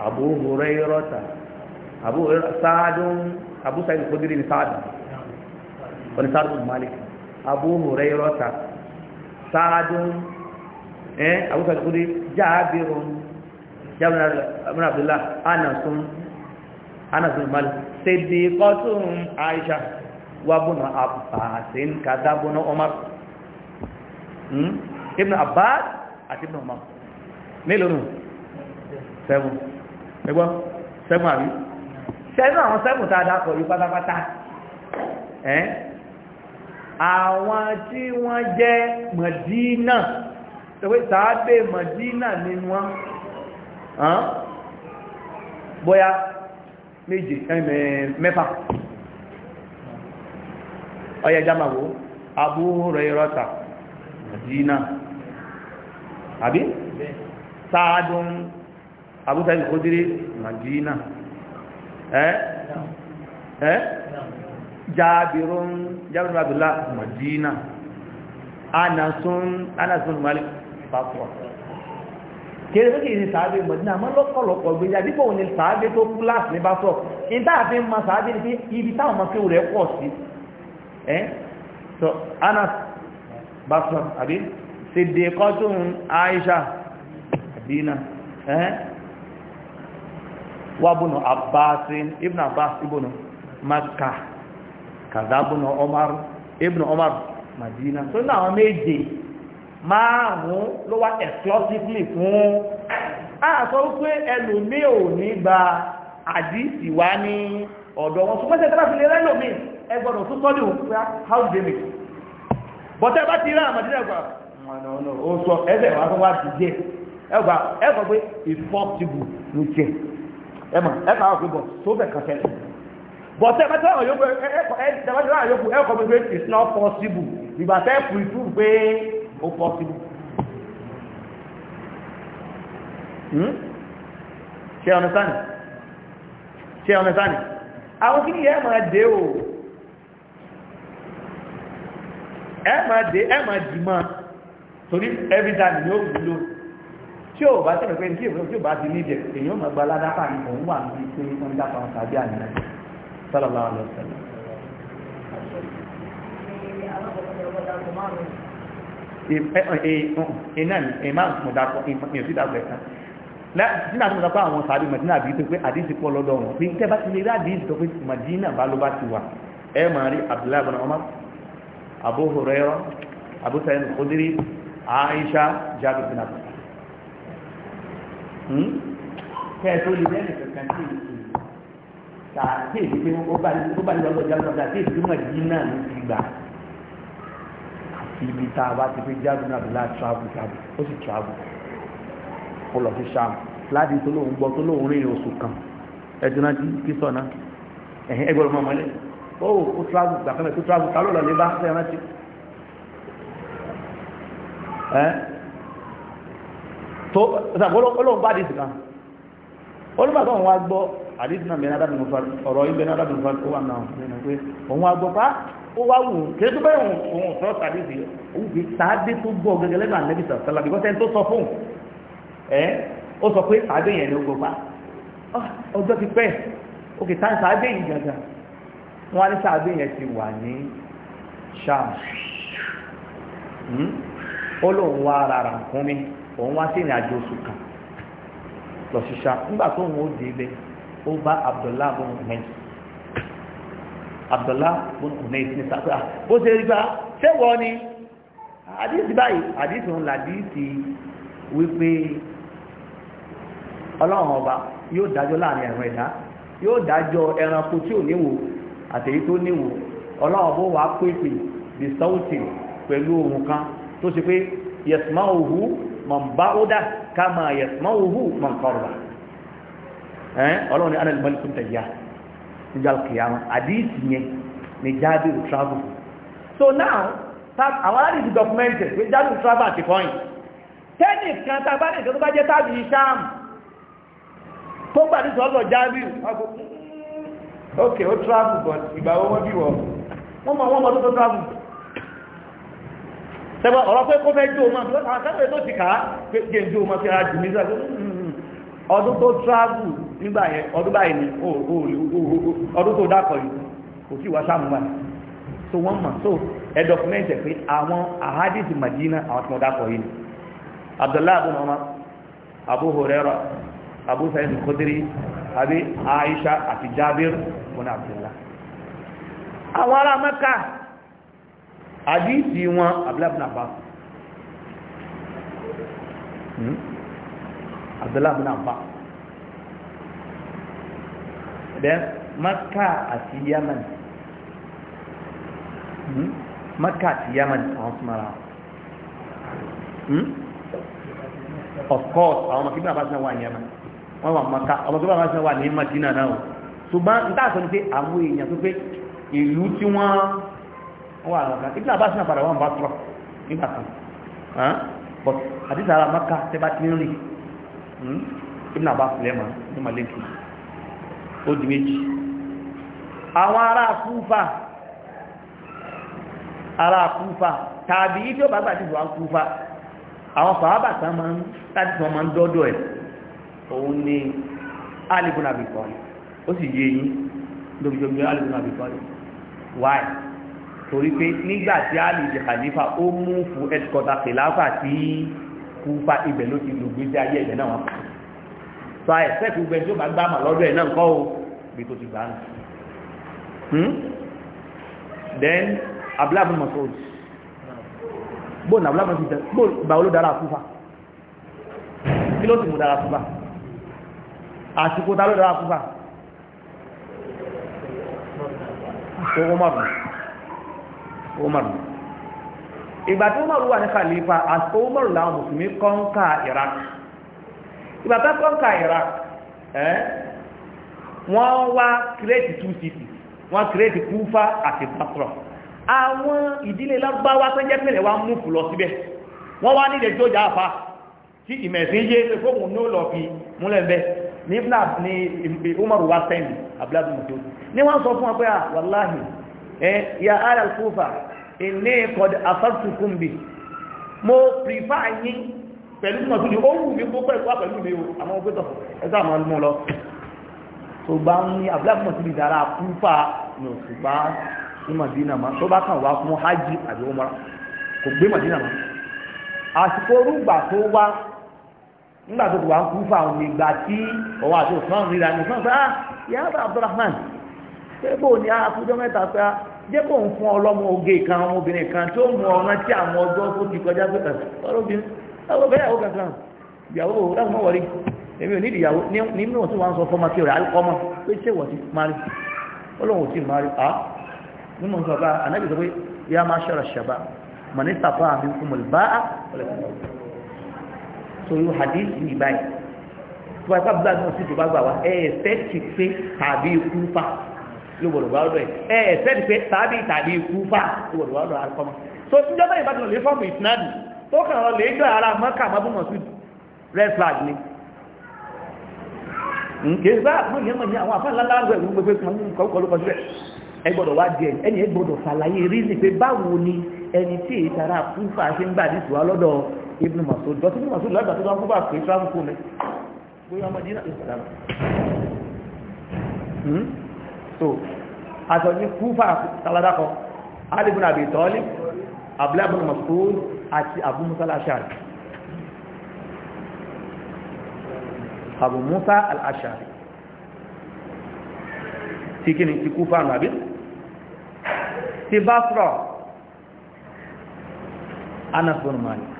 Speaker 1: abu hurairata abu sa'adun abu sa'id khudri ni sa'ad wani sa'ad bin malik abu hurairata sa'adun eh abu sa'id khudri jabirun jabirun ibn abdullah anasun anasun malik sidiqatun aisha abbasin, عباس كذا ابن عمر ibnu abbas, àti ibnu عمر mélòó nù seven ẹgbọ́n seven àbí seven àwọn seven tá a dákọ̀ yí pátápátá ẹ́ àwọn tí wọ́n jẹ́ mọ̀dínà tẹ́wé sàábé mọ̀dínà nínú wọn bóyá méje mẹ́fà ọyẹ jámàwó Abu Hurairata Abi? àbí Abu abúsẹ́lì kódírí Madina Eh? Eh? jábìrún jábìrún abdùlá Madina anasun anasun Malik fàfọ́ kéré tó kìí ní sàábé mọ̀dínà mọ́ lọ́pọ̀lọpọ̀ gbéjà dípò ní sàábé tó kú láti ní bá sọ ìdáàfin ma sàábé ní pé ibi táwọn ọmọ kéwù rẹ̀ pọ̀ sí eh so Anas Basra Siddiqatun Aisha Adina eh wa Abbas Ibn Abbas ibn Makkah kaza Umar Ibn Umar Madina so na exclusively a gba so se ta fi le ẹ gbọ́dọ̀ tún tọ́lù pé house demic bọ́tẹ́ bá ti rí àmàdínà ẹgbà ó sọ ẹgbẹ́ wà fún wa ti jẹ ẹgbà ẹgbà pé ìfọ́tìbù ló jẹ ẹmà ẹgbà wà pé bọ̀ tó bẹ̀ kan tẹ́lẹ̀ bọ̀tẹ́ bá tẹ́lẹ̀ yókù ẹgbà ẹgbà pé it's not possible ìgbà tẹ́ pùrìtù pé ó possible ṣe ọ̀nà sáni ṣe ọ̀nà sáni àwọn kí ni yẹ́ máa dé o ẹ̀mà dé ẹ̀mà dìmọ̀ torí every time ni ó wúlò tí ó bá tẹ́lẹ̀ pé tí ìwúlò tí ó bá ti ní ìdẹ̀ èyàn mọ̀ gba ládápà ní òun wà ní pé wọ́n dápà wọn tàbí àníyàn sallallahu alaihi wasallam nígbà tí mo sọpá àwọn sàárì mọ̀dínà bí tó pé àdísì pọ̀ lọ́dọ̀ wọn pé tẹ́ ti lè rí tó pé mọ̀dínà bá ló bá ti wà ẹ máa rí Abdullahi ibn abu huraira abu sa'id al-khudri aisha jabir bin abdullah hmm ke to le den ke kan ti ta ti bi pe o ba o ba lo jabir da ti ti ma dina ni gba àti ibi tá bá ti pe jabir bin abdullah travel travel ó sì travel ó lọ sí kan ẹ̀dùn náà ti kí sọ̀nà ẹ̀hìn ẹgbẹ̀rún ó ó travel gbà kan náà tó travel ta ló lọ lé bá ṣe rántí ẹ tó ṣàkóso olóhùn bá àdìsí kan olùbàdàn òun wá gbọ́ àdìsí náà mẹ́rin adábìnrin fa ọ̀rọ̀ yìí mẹ́rin adábìnrin fa ó wà náà nínú pé òun wá gbọ́ pa ó wá wù kí ló bẹ́ẹ̀ òun òun sọ àdìsí òun fi sáadé tó gbọ́ gẹ́gẹ́ lẹ́nu ànẹ́bí sàṣálà bí wọ́n tó sọ fóun ẹ ó sọ pé sáadé yẹn ni ó wọ́n ní sáàbí yẹn ti wà ní sham hmm? ó lóun wá ara rà kún mi òun wá sí ìrìn àjò oṣù kan lọ sí sham nígbà tó òun ó dé ó bá abdullah bọ́n ọ̀nẹ́yìn abdullah bọ́n ọ̀nẹ́yìn ní sàkóyà ah, ó ṣe rí bá ṣé wọ́n ni àdíṣì báyìí àdíṣì òun làdíṣì wípé ọlọ́run ọba yóò dájọ́ láàrin ẹ̀rọ ẹ̀dá yóò dájọ́ ẹranko tí ò níwò àtẹ̀yí tó níwò ọlọ́run bó wàá pèpè di sauti pẹ̀lú ohun kan tó ṣe pé yẹ̀sùmá òhù mọ̀nbá ó dà ká máa yẹ̀sùmá òhù mọ̀nkọ̀rọ̀bà ọlọ́run ní anàlùmọ́ ní kúntà yá níjà kìyàmù àdíìsì yẹn ní jábìrù travel so now àwọn aládìsì documented pé jábìrù travel àti coin tẹ́nì kan tá a bá ní ìjọba jẹ́ tábìlì sáàmù tó gbà ní sọ́lọ̀ jábìrù ok ó travel but ìgbà owó bí wọ́n wọ́n mọ̀ wọ́n mọ̀ tó tó travel tẹ́gbà ọ̀rọ̀ pé kó fẹ́ jó máa tó àkẹ́kẹ́ tó ti kàá pé jó máa fi ara jù ní ìsàkó ọdún tó travel nígbà yẹn ọdún báyìí ni ọdún tó dákọ̀ yìí kò sí wàá sáàmù báyìí so wọ́n mọ̀ so ẹ dọkumẹ́ntì pé àwọn ahadisi Madina àwọn tí wọ́n dákọ̀ yìí ni Abdullahi abu Muhammad Abu Hurairah Abu Sa'id al-Khudri àbí Aisha àti Jabir ibn Abdullah àwọn ará Mẹ́kà àdíìsì wọn Abdullah ibn Abbas hmm? Abdullah ibn Abbas then Mẹ́kà àti Yemen hmm? Mẹ́kà àti Yemen àwọn súnmọ́ra
Speaker 2: hmm? of
Speaker 1: course àwọn ọmọ kí bí Abbas Yemen wọ́n wà maka ọmọ tó bá máa ṣe wà ní madina náà o ṣùgbọ́n n táà sọ ní pé àwọn èèyàn tó pé ìlú tí wọ́n wà lọ́ka ibi náà bá ṣe àpàdà wọn bá tọ́ nígbà kan but àti sàrà maka tẹ́ bá ti ń rìn ibi náà bá filẹ̀ mọ́ ní di méjì àwọn ará kúfà ará kúfà tàbí tí ó bá gbàdúrà òun ni alìbùn àbìkọ́lì ó sì yé yín lóbìjọgbé alìbùn àbìkọ́lì why torí pé nígbà tí alì jẹ khalifa ó mú fún ẹ̀kọ́ta kìláfà tí kúfà ibẹ̀ ló ti lògbé sí ayé ẹ̀jẹ̀ náà wọn so àìsẹ́ kú gbẹ tí ó bá gbá mà lọ́dọ̀ ẹ̀ náà kọ́ o bí tó ti gbà nù hmm? then abúlábùn mọ̀sọ́ọ̀dì bóun abúlábùn ti tẹ̀ bóun bàwọ́ ló dára kúfà kí ló sì mú dára kúfà àsìkò ta ló dára fún fà ìgbà tí Umaru wà ní khalifa àsìkò Umaru làwọn mùsùlùmí kọ́ńkà Iraq ìgbà tí kọ́ńkà Iraq ẹ́ wọ́n wá kírètì two cities wọ́n kírètì Kúfà àti Basra àwọn ìdílé lágbáwá tó jẹ́ pẹ̀lẹ̀ wá mú fùlọ síbẹ̀ wọ́n wá nílẹ̀ tó jà fà tí ìmẹ̀sìn yé fóòmù ní ó lọ fi múlẹ̀ bẹ́ẹ̀ ní ibùdó ní umaru wa sẹ́yìn abdullahi mutu ní wọ́n sọ fún wa à ah, wàláhì ya ala kufa ìní kọ̀dí afárùkùn bì mo pìfà yín pẹ̀lú mọ̀tún ní ó wù mí gbogbo ẹ̀kọ́ pẹ̀lú mi o àmọ́ ó gbẹ́tọ̀ ẹ̀sọ́ àmọ́ ọdún lọ tó bá ń ní abdullahi mutu bì dára kúfà ní òṣùpá ní madina ma tó bá kàn wá fún hajj àbí umara kò gbé madina ma àsìkò orúgbà tó wá nígbà tó ti wà ń kú fún àwọn ìgbà tí òun àti òsán ríra ní òsán sá ìyá ah, bá Abdulrahman pé bó ní àfújọ mẹ́ta pé ah, jẹ́ kó ń fún ọlọ́mọ oge kan ọmọ obìnrin kan tó mú ọ̀ràn tí àwọn ọjọ́ tó ti kọjá pé ah, ọlọ́bìnrin ọlọ́ bẹ́ẹ̀ ó kankan ìyàwó láwọn wọlé èmi ò ní ìyàwó nínú tí wọ́n sọ fọ́mọ tí ó rẹ̀ alùpọ̀mọ pé ṣé wọ́n ti mari ọlọ́wọ́n ti mari a máa ṣọ́ra torí hadith yìí báyìí tó bá sábà náà sì tó bá gbà wá ẹ ẹ̀fẹ́ ti pé tàbí ikú fà ló gbọdọ̀ wá ọ̀dọ̀ ẹ ẹ ẹ̀fẹ́ ti pé tàbí tàbí ikú fà ló gbọdọ̀ wá ọ̀dọ̀ so níjọ́ náà ìbátan lè fọ́ọ̀mù ìsinádì tó kàn án lè jọ ara mọ́kà mábùmọ̀ sí red flag ni nkèé hmm, bá àpò yẹn mọ̀ ní àwọn afáńláńlá àgbẹ̀ ìlú gbogbo kan ní nǹkan kọlùkọ síbẹ̀ ẹ gbọ́dọ̀ wá díẹ̀ ẹni ẹ gbọ́dọ̀ ṣàlàyé rízì pé ń gbà dìtò ibnu masud dọ́tí ibnu masud lọ́gbà tó bá kú bá pè é tíráfù fún mi bóyá ọmọdé náà yóò padà hmm? so aṣọ ní kúfà tàládà kan alìbùn àbí tọ́lì abúlábùn masud àti abu musa al-ashari abu musa al-ashari tí kí ni ti kúfà nàbí ti bá anas bin
Speaker 2: malik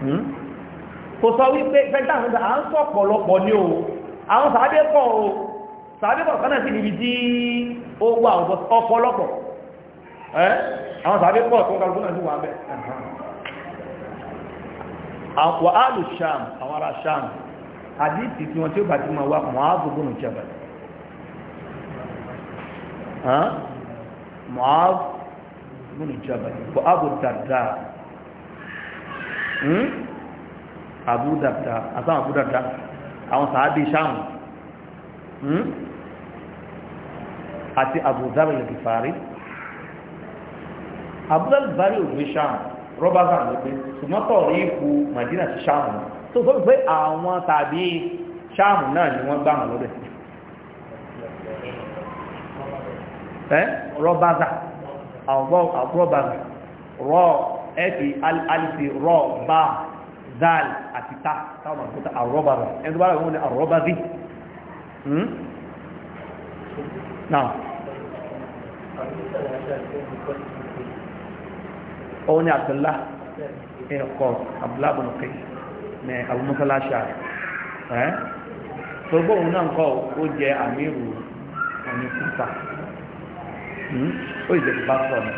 Speaker 2: Hmm?
Speaker 1: kò sọ wípé fẹ́ntà àmìta à ń sọ pọ̀lọpọ̀ ní o àwọn sàábé pọ̀ o sàábé pọ̀ kánà sí níbi tí ó gbà ọ̀pọ̀lọpọ̀ àwọn sàábé pọ̀ tó kàrùkú náà sí wà bẹ́ àwọn alù sham àwọn ará sham àdíìtì tí wọ́n tí ó bá ti máa wá àbúdàdà àtàwọn àbúdàdà àwọn sàábì sáàmù hmm? àti àbúdàbà lè fàárí àbúdàbà bari ò gbé sáàmù rọ́bàtà ló gbé ṣùgbọ́n tọ̀rí ipò màdínà sí sáàmù tó tó gbé àwọn tàbí sáàmù náà ni wọ́n gbà wọn lọ́dẹ̀ rọ́bàtà àwọn rọ́bàtà rọ́bàtà ẹ̀fì alìsì rọ bá zal àti ta táwọn àkótá àrọ́bà rẹ̀ ẹni tó bá rẹ̀ wọ́n ni àrọ́bà rí òun hmm? ni àtìlá ẹ̀kọ́ àbúlábùnukẹ́ ní àbúmọ́sálásà ẹ́ gbogbo òun náà kọ́ ó jẹ àmì ìrù ọ̀nìkúta hmm? ó ìjẹ̀ bá sọ̀rọ̀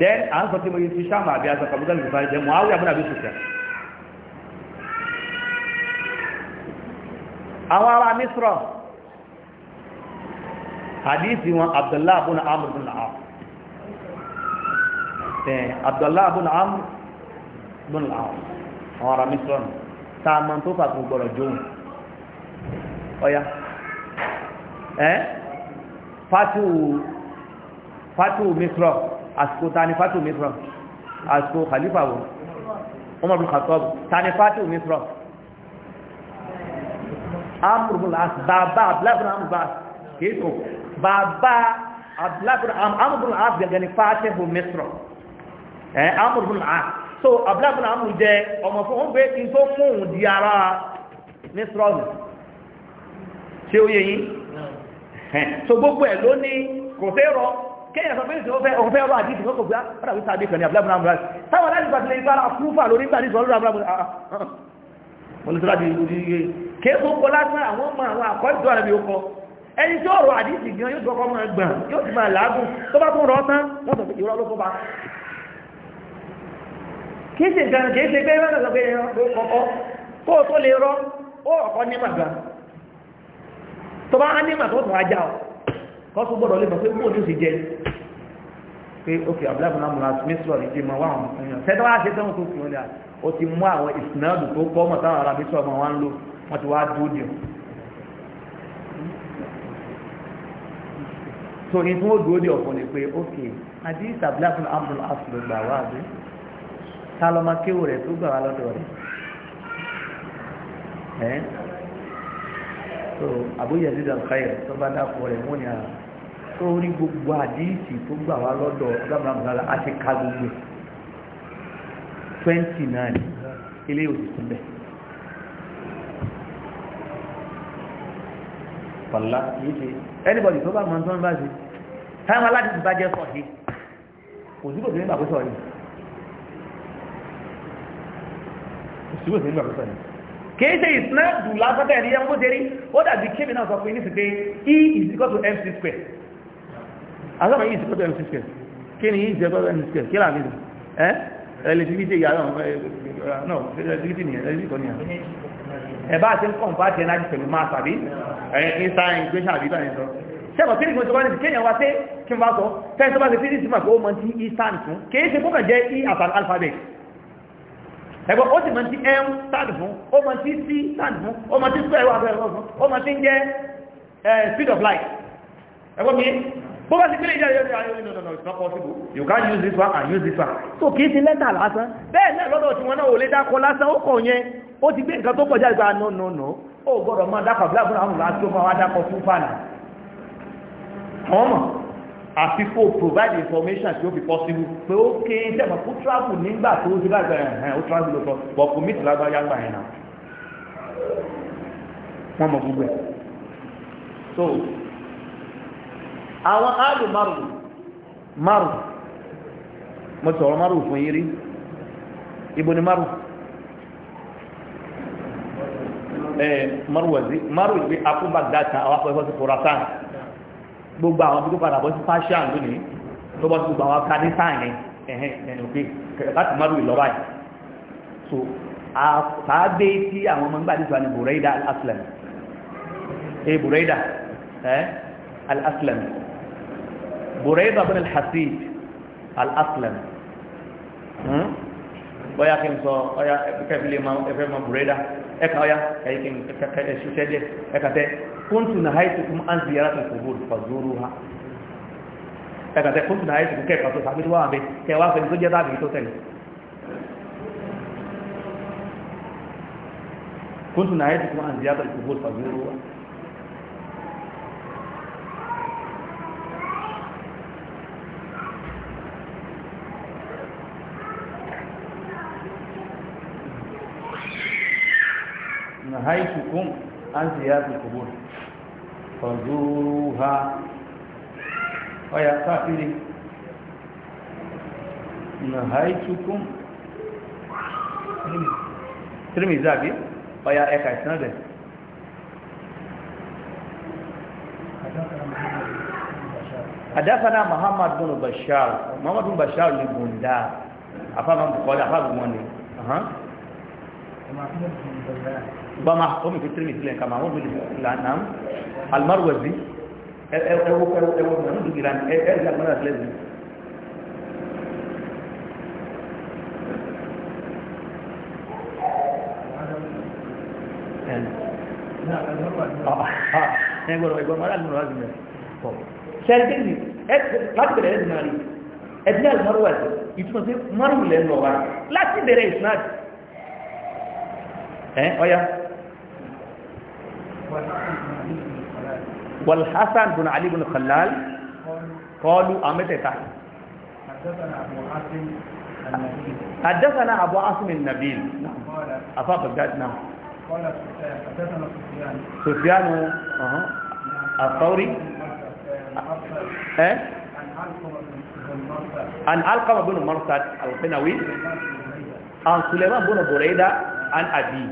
Speaker 1: then à ń sọ tí mo yẹ ti sáàmù àbí aṣọ kàbúkà lùfà jẹ mọ́ àwẹ́ àbúrà bí sùfẹ́ àwọn ará misra hadithi wọn abdullahi abu na'amur bin na'am abdullahi abu na'amur bin na'am àwọn fatu fatu àsìkò tani fatu misra àsìkò khalifa wo Umar bin Khattab tani fatu misra Amr bin As bàbá abúlábùn Amr bin As kéèkó bàbá abúlábùn Amr bin As gẹ̀gẹ̀ ni fatu misra ẹ̀ Amr bin As so abúlábùn Amr jẹ ọmọ fún oúnjẹ tí tó fóun di ara misra nù ṣé ó yẹ yín so gbogbo ẹ̀ ló kò fẹ́ rọ kéèyàn sọ pé ìṣòro fẹ́ òun fẹ́ ọ̀rọ̀ àdìsí kókò gbá ọ̀rọ̀ àwọn sábẹ́ kan ní abúlé abúlé abúlé táwọn aláìsí bá tilẹ̀ ìbára fúnfà lórí ìgbà nítorí abúlé abúlé olùsọ́láti ìrúdíye kéèkó kọ lásán àwọn ọmọ àwọn àkọ́jọ́ àrẹ́bí okọ ẹni tí ọ̀rọ̀ àdìsí gan yóò dọ́kọ́ máa gbà yóò ti máa làágùn tó bá tún rọ tán wọ́n sọ pé ìrọ̀ ló kó bá kìí ṣe gan kìí ṣe pé mẹ́rin sọ pé ọkọ̀ kó o tó lè rọ ó ọ̀kọ́ ní màgbà tó bá ní màgbà tó tún ajá kọ́sùn gbọ́dọ̀ lè mọ̀ pé bóòdù sì jẹ pé ókè abúlábùnà múra mísọ̀ ní ìmọ̀ wà àwọn èèyàn tẹ́tọ́ ṣe tẹ́wọ̀n tó fi wọn dà ó ti mú àwọn ìsìnàdù tó kọ́ mọ̀ táwọn ará mísọ̀ ọmọ wa ń lò wọ́n ti wá dúró so ní tí wọ́n dúró dì ọ̀fọ̀ ni pé ókè àti ìsàbíláfún amúlò àfúlò gbà wá àbí ta lọ́mọ kéwò rẹ̀ tó gbà so àbúyẹ̀ dídà káyẹ̀ tó bá dákọ̀ rẹ̀ tó rí gbogbo àdíìsì tó gbà wá lọ́dọ̀ ọ̀gábàmùsálà a ti ka twenty nine ilé òsìsì bẹ̀. Fàlá yìí ṣe anybody tó bá mọ tó ń bá ṣe táwọn aládìsí bá jẹ́ sọ̀hí kò sí kò sí nígbà pé sọ̀hí kò sí kò sí nígbà pé sọ̀hí kìí ṣe ìsinádùn lásán tẹ̀lé ẹ̀mú ó ṣe rí ó dàbí kébì náà sọ pé ní sí pé e is equal to m c square àtọ́mọ̀ yìí ìsìnkú tẹ̀lé sísẹ̀ kí ni yìí ìsìnkú tẹ̀lé sísẹ̀ kí làbí ẹ́ relativity yàrá náà relativity nìyẹn relativity kọ́ nìyẹn ẹ̀bá àti nǹkan bá ti ẹnájú pẹ̀lú máa tàbí inside equation àbí báyìí sọ sẹ́kọ̀ọ́ tí nìkan tó bá ní kéèyàn wá sí kí n bá sọ fẹ́ẹ́ tó bá ti fíjì símà pé ó mọ ti eastern fún kìí ṣe kókàn jẹ́ e àtàl alphabet ẹgbẹ́ ó sì mọ ti m stand fún ó mọ ti c stand fún ó mọ ti square wà bẹ́ẹ̀ fún ó mọ ti ń jẹ́ speed of light ẹgbẹ́ mi bó bá ti pílẹ̀ ìjẹ́ no no no it's not possible you can't use this one and use this one so kìí ti lẹ́tà lásán bẹ́ẹ̀ náà lọ́dọ̀ tí wọ́n náà ò lè dákọ lásán ó kọ̀ yẹn ó ti gbé nǹkan tó kọjá ìgbà no no no ó gbọ́dọ̀ máa dákọ̀ bí láàbùn àwọn láti ó máa wá dákọ̀ fún fàlà ọmọ àfi kó provide information tí ó fi possible pé ó ké sẹ́mọ̀ kó travel nígbà tó ó ti lágbà ẹ̀ ó travel lọ sọ but kò meet lágbà yàgbà yẹn náà so àwọn áàlù márùn márùn mo sọ̀rọ̀ márùn fún yín rí ni márùn ẹ̀ márùwẹ̀sí márùn ìgbé afúnbàgbàtà àwọn akọ̀ẹ́fọ́ sí Khorasan gbogbo àwọn bí tó padà bọ́ sí fashion lónìí tó bọ́ sí gbogbo àwọn Afghanistan ni ẹ̀hẹ́ ẹ̀nùgbé láti márùn ìlọ́bàá so àfàágbé tí àwọn ọmọ nígbà nígbà ní Buraida al-Aslami eh Buraida eh al-Aslami Burayda bin al-Hasib al-Aslami hmm? bóyá kí n sọ ọyá kẹfìlẹ̀ ẹfẹ́ mọ Burayda ẹka ọyá ẹyí kí n ṣiṣẹ́ díẹ̀ ẹka tẹ kuntu nahaytukum an ziyarati al-qubur fazuruha ẹka tẹ kuntu nahaytukum kẹfà tó sàbí wà bẹ kẹwàá fẹni tó jẹ́ dábì tó tẹ̀lé kuntu nahaytukum an ziyarati al-qubur fazuruha an ziyarar kubur fanzuruha ọya káàkiri nahaitukum tírìmì zàbí ọya ẹka ìsinadẹ̀ àdáfàná muhammad bin bashar muhammad bin bashar lè gùn dáa afáàmà bukọ́lá afáàmà wọn ni ba ma omi fi tiri misile kama wọn bili lanam almarwazi ẹwọ ẹwọ ẹwọ mọ nídìí ìlànà ẹrù ìlànà mọlá lẹbi. ẹgbọrọ ẹgbọrọ mọlá lẹbi mọlá lẹbi pọ sẹńtẹ ni ẹ láti bẹ̀rẹ̀ ẹdínmọ rí ẹdínmọ almarwazi ìtumọ̀ sí mọ́rùn lẹ́nu ọ̀wá láti bẹ̀rẹ̀ ìsúná ẹ́ إيه؟ ọya والحسن بن علي بن خلال قالوا أمتتا
Speaker 2: حدثنا أبو إيه
Speaker 1: حدثنا أبو عاصم النبيل قال نعم. أفاق الجاد نعم
Speaker 2: قال حدثنا سفيان
Speaker 1: سفيان الثوري
Speaker 2: ايه عن
Speaker 1: علقمة بن مرصد القنوي عن سليمان بن بريدة an abi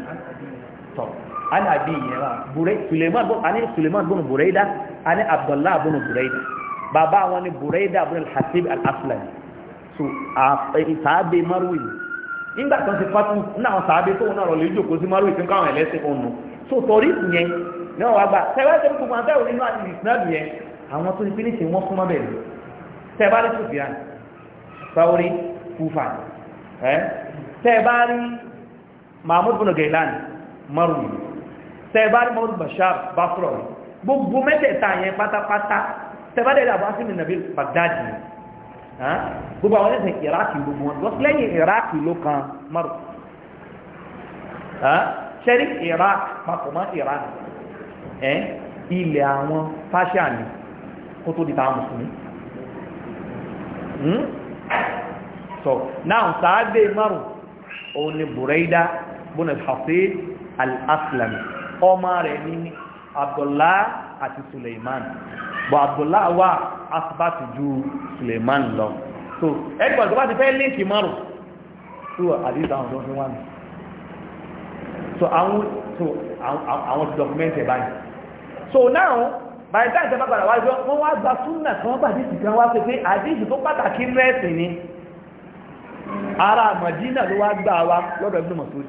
Speaker 1: tọ an abi yẹn wa bure suleiman bọ ani suleiman bọnu bureida ani abdullahi bọnu bureida bàbá wọn ni bureida bọnu hasib al-aslami so e, sàábé marwi nígbà tó ń ti fatu ní àwọn sàábé tó ń náà lọlẹ́ ìjókòó sí marwi tó ń káwọn ẹlẹ́sìn ọ̀nà so torí yẹn ní wọn wá gbà tẹwàá tẹwàá gbogbo àtẹwàá nínú àti ìsinmi yẹn àwọn tó ní fínísì wọn fún mọ́bẹ̀ẹ́ tẹwàá lè sùfìyàn sáwórí kúfà ẹ tẹwàá rí mahmud bin gailan marwi tẹ̀bárí mahmud bashar basrọ̀ gbogbo mẹ́tẹ̀ẹ̀ta yẹn pátápátá tẹ̀bárí ẹ̀dà abúhásí ní nabil baghdadi gbogbo àwọn ẹ̀sìn iraki gbogbo wọn lọ́sí lẹ́yìn iraki ló kan marwi ṣẹ́rí iraq papọ̀mọ́ iraq ilẹ̀ àwọn persia ni kó tó di ta mùsùlùmí hmm? so now sáábé marwi òun ni buraida bùnà Hafiz al-Aslami ọmọ rẹ̀ ní Abdullah àti Suleiman bọ̀ Abdullah wà asibati ju Suleiman lọ so ẹgbẹ́ tó bá ti fẹ́ líǹkì márùn tó àdìsá àwọn tó fi wà ní so àwọn so àwọn ti dọkumẹ́ntì ẹ̀ báyìí so now by the time tẹ́ bá padà wá jọ wọ́n wá gba súnà tí wọ́n bá àdìsí kan wá pé pé àdìsí tó pàtàkì rẹ̀ sì ni ara Madina ló wá gbà wá lọ́dọ̀ Ibn Mas'ud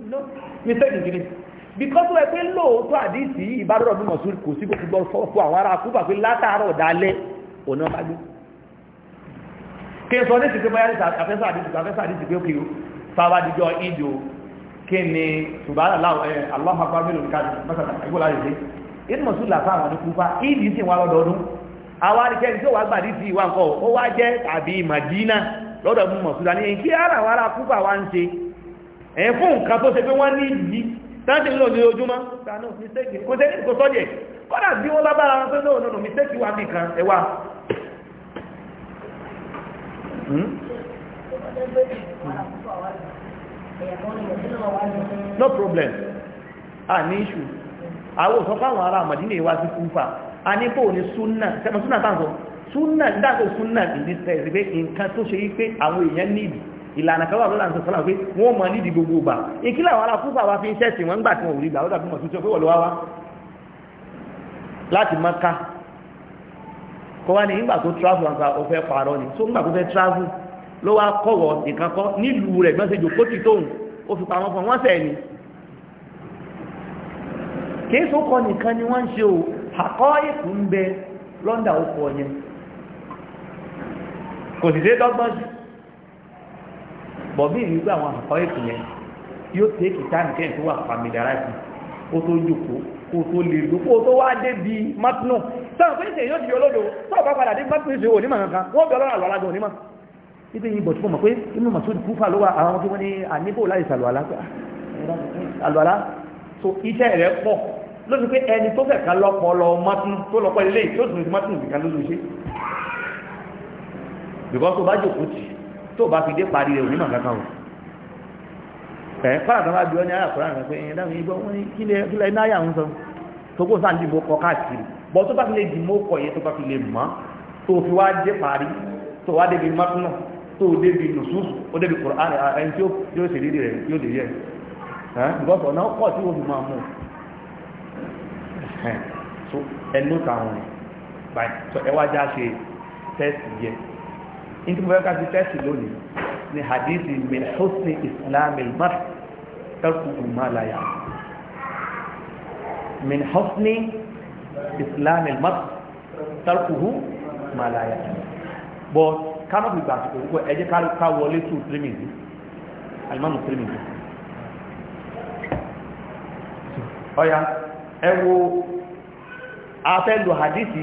Speaker 1: no mistake gidi because wọ́n pé lóòótọ́ àdìsí ìbádọ́rọ̀ bí mọ̀sùn kò sí gbogbo fún àwọn ará kúbà pé látàárọ̀ dálẹ́ ọ̀nà bá gbé kí n sọ ní ìsìnkú báyá àfẹ́sà àdìsí àfẹ́sà àdìsí pé kí o sáwá díjọ ìjò kí ni ṣùgbọ́n aláwọ̀ apá mélòó ká mọ́sàtà ìgbòlá yìí dé inú mọ̀sùn làfà àwọn ní kúfà ìdí sì wá lọ́dọọdún àwọn arìkẹ́ni tí ó wá gbàdìsí ìwà nǹkan ó wá jẹ́ tàbí Mádínà lọ́dọ̀ mú mọ̀sùn dání kí ara wàrà kúfà wá ń ṣe ẹ̀ fún nǹkan tó ṣe pé wọ́n ní ìdí táǹtì ní mistake hmm? no problem a ní ìṣù àwọn òsọ́fà ará àmàdínà ìwá sí a ní pò ní súnà tẹ́mọ̀ súnà tàǹsọ̀ súnà dáàtò súnà ìdí tẹ̀sí tó ṣe wípé àwọn ìlànà kan wà lọ́la ní sọ́sọ́lá pé wọ́n mọ nídi gbogbo gbà ìkí làwọn ará fúnfà wa fi ń ṣẹ̀sìn wọn gbà tí wọn ò rí gbà ó dàbí mọ̀ tuntun pé wọ́n lọ wá wá láti Mákà kọ́ wá ní ìgbà tó travel àgbà ó fẹ́ pààrọ̀ ni tó ń gbà tó fẹ́ travel ló wá kọ̀wọ̀ nìkan kọ́ nílùú rẹ̀ gbọ́n ṣe jòkó ti tóun ó fi pamọ́ fún wọn sẹ̀ ni kìí tó kọ nìkan ni wọ́n ń ṣe o àkọ́ ìkùn ń bẹ lọ́ndà ó kọ yẹn kò sì dé dọ́gbọ́n sí bọ̀ bí ìlú àwọn àkọ́ ètò yẹn yóò tẹ́kì táàmì kẹ́yìn tó wà familiarize kó tó jòkó kó tó lè lò kó tó wá dé bí matinu sọ́rọ̀ pé di olódo sọ́rọ̀ bá padà dé matinu ìṣe onímọ̀ kankan wọ́n bẹ ọlọ́rọ̀ àlọ́lájọ onímọ̀ níbi yìí bọ̀ tí mo mọ̀ pé inú masud kúfà ló wà àwọn ọmọ tí wọ́n ní àníbò láì so iṣẹ́ rẹ̀ pọ̀ lóṣù pé ẹni tó fẹ̀ ká lọ́pọ̀ lọ matinu tó lọ́pọ̀ ilé tó sì matinu nìkan lóṣù ṣe bìkọ́ tó bá jòkó tì tó bá fi dé parí rẹ̀ onímọ̀ kankan o ẹ̀ kọ́lá kan bá bí ọ ní ara kọ́lá kan pé ẹ̀yìn dáhùn yìí bọ́ wọ́n ní kílẹ̀ náírà ń sọ tó kó sáà ń dìbò kọ káàkiri bọ́ tó bá fi lè dìbò kọ yẹn tó bá fi lè mọ́ tó fi wá dé parí tó wá débi mọ́túnà tó débi nùsùsù ó débi kùránì ẹni tí yóò ṣe lédi rẹ̀ yóò lè yẹ ǹgọ́sọ̀ náà pọ̀ tí o fi máa mú ẹnu táwọn ẹ̀ wájá ṣe tẹ́sì yẹn ní tí mo fẹ́ ká fi tẹ́sì lónìí ní hadithi min husni islam al-mar tarku ma la ya min husni islam al-mar tarku ma la ya but kánú fi gbà àsìkò wípé ẹ jẹ́ ká wọlé tù tírímìtì alimami tírímìtì ọ̀ya ẹ wo afẹ́ lo hadithi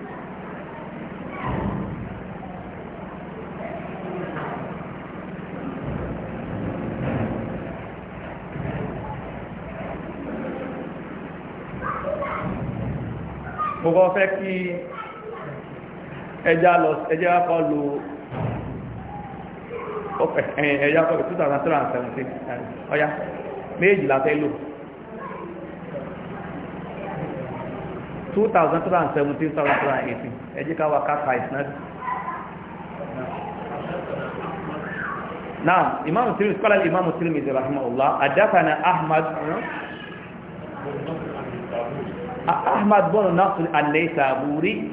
Speaker 1: kọ́kọ́ fẹ́ kí ẹjá lọ ẹjá kọ́ lo ẹjá kọ́ 2017 ọya méjì látẹ́ lò 2017-2018 ẹjí ká wà káàkà ìsinájú náà imamu Tirmidhi qala imamu Tirmidhi rahimahullah adafana Ahmad أحمد بن نصر النيسابوري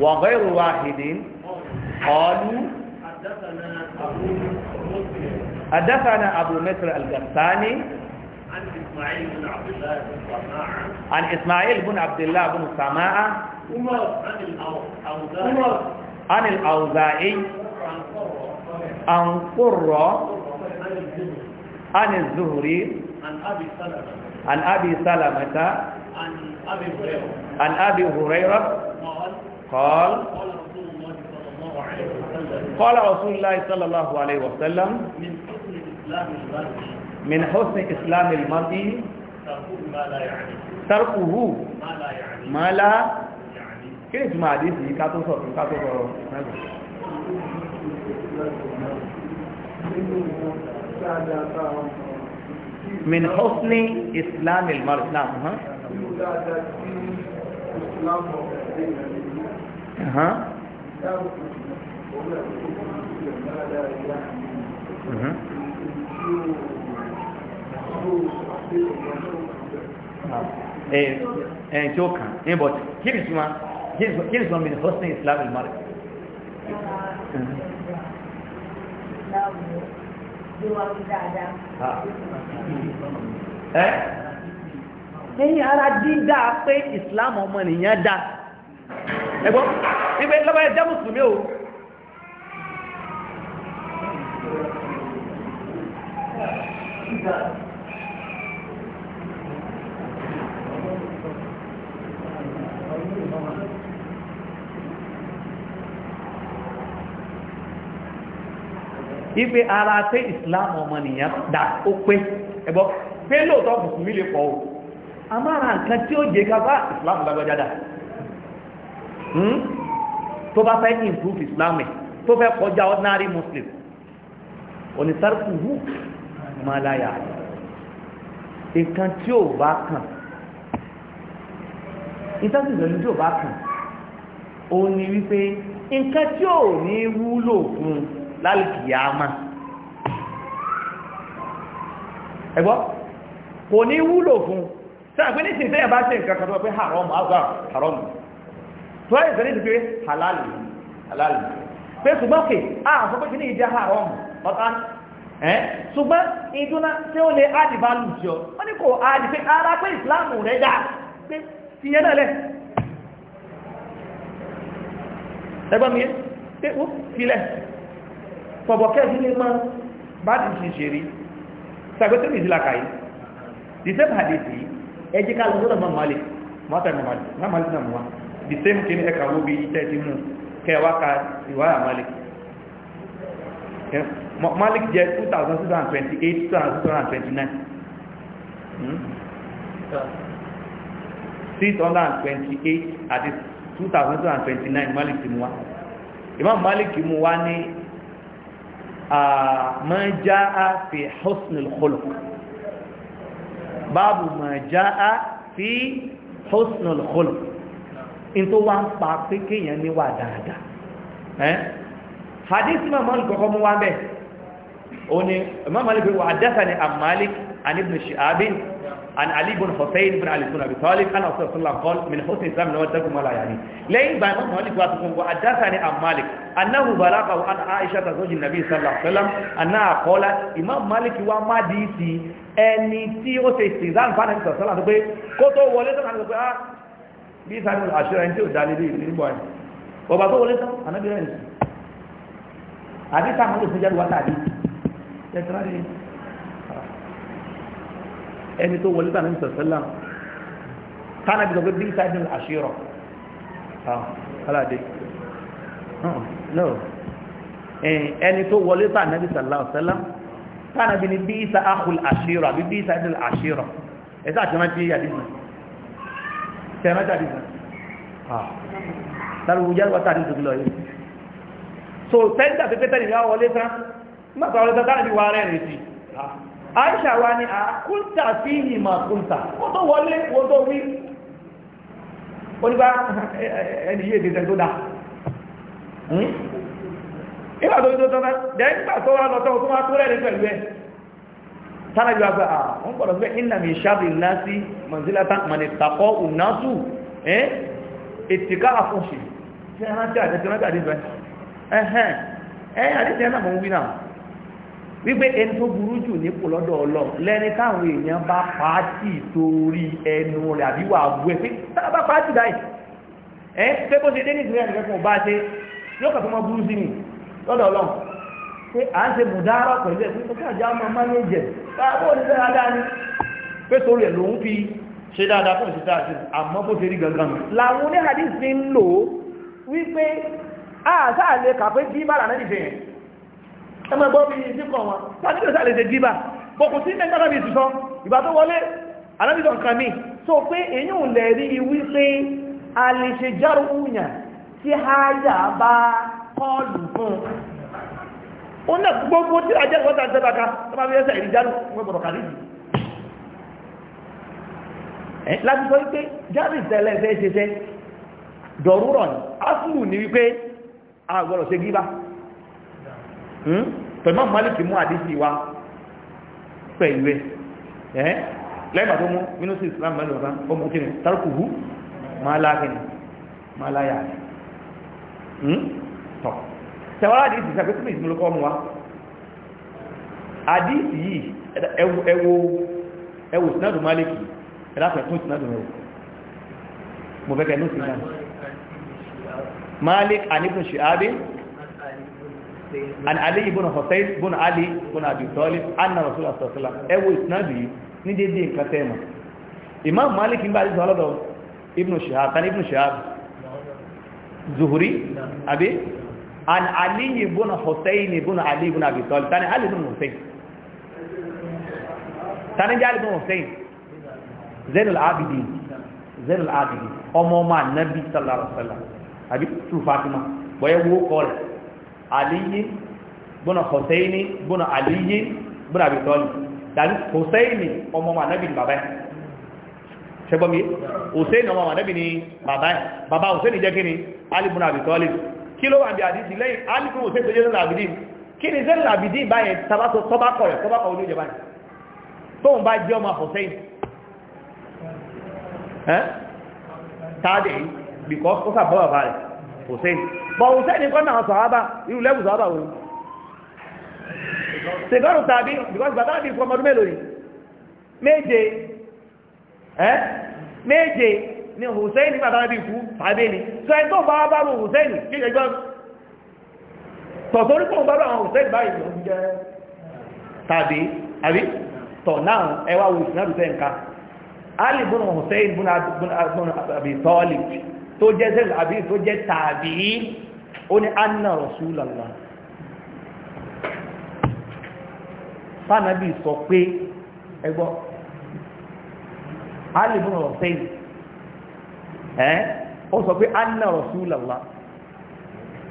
Speaker 1: وغير واحد قالوا حدثنا أبو مصر القسطاني
Speaker 2: عن إسماعيل بن عبد الله بن سماعة عن
Speaker 1: إسماعيل بن عبد الله بن سماعة
Speaker 2: عن الأوزاعي عن
Speaker 1: قرة عن الزهري عن أبي سلمة
Speaker 2: عن أبي هريرة عن أبي هريرة قال قال رسول الله صلى الله عليه وسلم قال
Speaker 1: رسول الله صلى الله عليه وسلم
Speaker 2: من حسن إسلام المرء من حسن إسلام المرء تركه ما لا يعني تركه
Speaker 1: يعني. ما لا يعني كيف جمع حديث كاتو صوت كاتو صوت
Speaker 2: ماذا
Speaker 1: min husni islam ilmar islam ẹ̀ tí ó kàn ní bọ̀tí kí ni súnmọ́ kí ni súnmọ́ min husni uh, mhm. islam ilmar islam
Speaker 2: ẹ́ ẹ̀yìn ara dídá
Speaker 1: pé ìsìláàmù ọmọnìyàn dá ẹgbọ́n ibẹ̀ lọ́wọ́ ẹjẹ́ mùsùlùmí o Thank you. wípé ara pé islam ọmọnìyàn dà ó pé ẹgbọ́ pé lóòtọ́ mùsùlùmí lè pọ̀ o a máa ra nǹkan tí ó jẹ kápá islam lágbàjádà hmm? tó bá fẹ́ improve islam ẹ̀ tó fẹ́ kọjá ordinary muslim onísàrùkù máa láyà nǹkan tí ó bá kàn ìtàkìlẹ̀lú tí ó bá kàn ó ní wípé nǹkan tí ó ní wúlò fún un lálìkìyàmá ẹgbọ́ kò ní wúlò fún sáàpé ní sí bá ṣe nǹkan kan tó pé haramu àgbà ah, ah, haramu tó rọ ìsẹ́ ní ti pé pé ṣùgbọ́n kè áà ní ìjẹ́ haramu ọ̀tá ẹ́ ṣùgbọ́n ìdúná tí ó lè áàdì bá lù jọ wọ́n kò ara pé ìsìláàmù rẹ̀ pé náà lẹ̀ ẹgbọ́n mi fọ̀bọ̀kẹ́ ìdílé mọ́ bá ti ṣe ṣe rí sàgbẹ́tẹ̀lì ìdílàkàyí the same hadith yìí ẹjí ká lọ́dọ̀ mọ́ mọ́lẹ̀ mọ́tẹ̀ mọ́lẹ̀ náà mọ́lẹ̀ náà mọ́ the same kìíní ẹka wo bí iṣẹ́ ti mú kẹwàá ka ìwáyà mọ́lẹ̀ mọ́lẹ̀ 2628 2629 628 2229 mọ́lẹ̀ ti mú wa Imam Malik mú wa ní ما جاء في حسن الخلق باب ما جاء في حسن الخلق انتو وان باقي يعني ني ودادا حديث ما مالك قوم وان به ما مالك malik wa hadathani am malik an ibn عن علي بن حسين بن علي بن ابي طالب ان رسول الله قال من حسن الاسلام ان ودكم ولا يعني لين بان مالك واتكم وحدثني عن مالك انه بلغه عن عائشه زوج النبي صلى الله عليه وسلم انها قالت امام مالك وما ديتي ẹni tí ó ṣe ìsìnzán fánà ìsọ̀ sọ́lá tó pé kó tó wọlé tán àti pé á bí ìsàmì àṣírà ẹni tí ó dá lé lórí nígbà ẹ̀ ọba tó wọlé tán ànábìrẹ̀ ẹ̀sìn àdìsàmọ́lò fún jẹ́rù wátàdì ẹ̀tọ́rọ̀ ẹni tó wọlé tàn ní sọ̀sẹ́lá tánà bí sọ pé bí sáájú àṣírọ̀ ah, aládé ah, no eh, ẹni tó wọlé tàn ní sọ̀sẹ́lá tánà bí ní bí sá áhùl àṣírọ̀ àbí bí sáájú àṣírọ̀ ẹ̀sá àti rántí àdìsàn tẹ̀rántí àdìsàn ah. lárúgbó jẹ́ wọ́tà àdìsàn lọ yìí so tẹ́ńtà pé pẹ́tẹ́ nìyá wọlé tán nígbà tó wọlé tán tánà bí wà rẹ̀ rẹ̀ sí aisha wa ni a kúntà sí ma kúntà ó tó wọlé ó tó wí onígbà eh, eh, eh, ẹni yé tó dá ìgbà hmm? tó tó tọ́ta dẹ̀ tó wá lọ́tọ́ tó máa tó rẹ̀ pẹ̀lú ẹ̀ sára ju àwọn gbọ́dọ̀ fẹ́ iná mi ṣáàbì ńlá sí mọ̀sílátà mọ̀nì tàkọ́ ònásù ètìká àfúnṣe àdíjẹ́ wípé ẹni tó burú jù nípò lọ́dọ̀ ọlọ́ lẹ́ni táwọn èèyàn bá pàátì torí ẹnu rẹ̀ àbí wà bú ẹ pé tá bá pàátì dáì ẹ́ pé bó ṣe dé ní ìgbéyàwó kẹ́kọ̀ọ́ bá ṣe yóò kàtó mọ́ burú sí ni lọ́dọ̀ ọlọ́ pé à ń ṣe mùdárọ̀ pẹ̀lú ẹ̀ pé tó káàjá ọmọ mánéjẹ̀ báwo ni dáadáa ni pé torí ẹ̀ lòun fi ṣe dáadáa fún ìṣẹ́ta àti àmọ́ bó ṣe rí gangan làwọn oníhàdí ti ń lò wípé àṣà ah, lè kà pé bí bára náà ẹ máa gbọ́ bí ìdí kan wọn tàbí tó sàlẹ̀ ṣe jíbà kòkò sí ní ẹgbẹ́ ìtùsọ ìgbà tó wọlé alábìsọ̀ nǹkan mi sọ pé èyí ò lẹ̀ rí wí pé a lè ṣe járù ùyàn tí háyà bá kọlù fún ó náà gbogbo tí a jẹ́rù wọ́ta jẹ́bàká tó máa fi ẹsẹ̀ ìrìn járù wọ́n gbọ́dọ̀ kàrí jù láti sọ wípé járù ìtẹ́lẹ̀ fẹ́ ṣe ṣe dọ̀rúrọ̀ ni asùnù ni wípé a gbọ́dọ̀ ṣe gíbá tọ̀mọ́ hmm? mọ́lìkì mú àdísì wa pẹ̀lú ẹ̀ lẹ́gbà tó mú mínísí islam mẹ́lú ọ̀gá ọmọ kí ni tarkuhu máa láàkì ni máa láyà rẹ̀ hmm? tọ̀ tẹ̀wọ́lá àdísì sàpé tí mìíràn lókọ́ mú wa àdísì yìí ẹwọ ẹwọ sinadu mọ́lìkì ẹ̀láfẹ̀ fún sinadu mẹ́wọ̀ malik anibun shi'abi عن علي بن حسين بن علي بن أبي طالب أن رسول الله صلى الله عليه وسلم أو إسنادي ندي دين كتيمة إمام مالك إن بعد ذلك ابن شهاب كان ابن شهاب زهري أبي عن علي بن حسين بن علي بن أبي طالب كان علي بن حسين كان جعل بن حسين زين العابدين زين العابدين أمام النبي صلى الله عليه وسلم أبي شو فاطمة ويا وو قال aliyi buna husaini buna aliyi buna abi talib dani husaini ọmọ ma nabi ni bàbá ṣé gbọ́ mi husaini ọmọ ma nabi ni bàbá bàbá husaini jẹ́ kíni ali buna abi talib kí ló wà bí àdíjì lẹ́yìn ali fún husaini tó jẹ́ sẹ́lẹ̀ àbìdí kí ni sẹ́lẹ̀ àbìdí báyẹn tabaso tọ́bákọ̀ rẹ̀ tọ́bákọ̀ olú jẹ hussein bọ̀ hussein kọ́ náà sọ̀hábà irú lẹ́bù sọ̀hábà wọn ṣègọ́rù tàbí because bàbá bí fún ọmọdún mélòó méje ẹ́ méje ni hussein bàbá bí fún tàbí ni so ẹ̀ tó bá bá rú hussein kí ẹgbẹ́ tọ̀tọ́rí fún bàbá àwọn hussein báyìí ló jẹ́ tàbí àbí tọ̀ náà ẹwà hussein náà lù tó jẹ́ sẹ́lẹ̀ àbí tó jẹ́ tàbí ó ní anna rasulallah fánàbí sọ pé ẹgbọ́ alìbùn ọ̀sẹ́yìn ẹ́ ó sọ pé anna rasulallah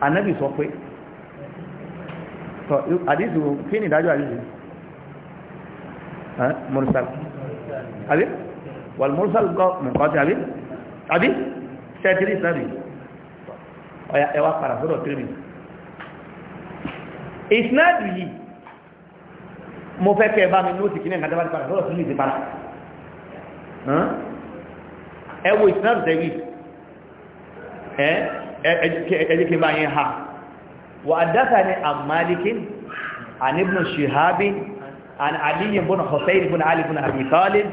Speaker 1: anábì sọ pé àdísù kí ni ìdájọ́ àdísù mursal àbí wal kọ́ mọ̀kọ́ ti àbí sẹ́tìrì sáré ọ̀yà ẹwà padà sọ́dọ̀ tírì ìsinádù yìí mo fẹ́ kẹ́ bá mi lóòtì kí ní ẹ̀ka dábàá padà sọ́dọ̀ tírì ti padà ẹ wo ìsinádù tẹ́wì ẹ bá yẹn ha wà dáta ní àmàlìkín àníbùn ṣìhábí عن علي بن حسين بن علي بن أبي طالب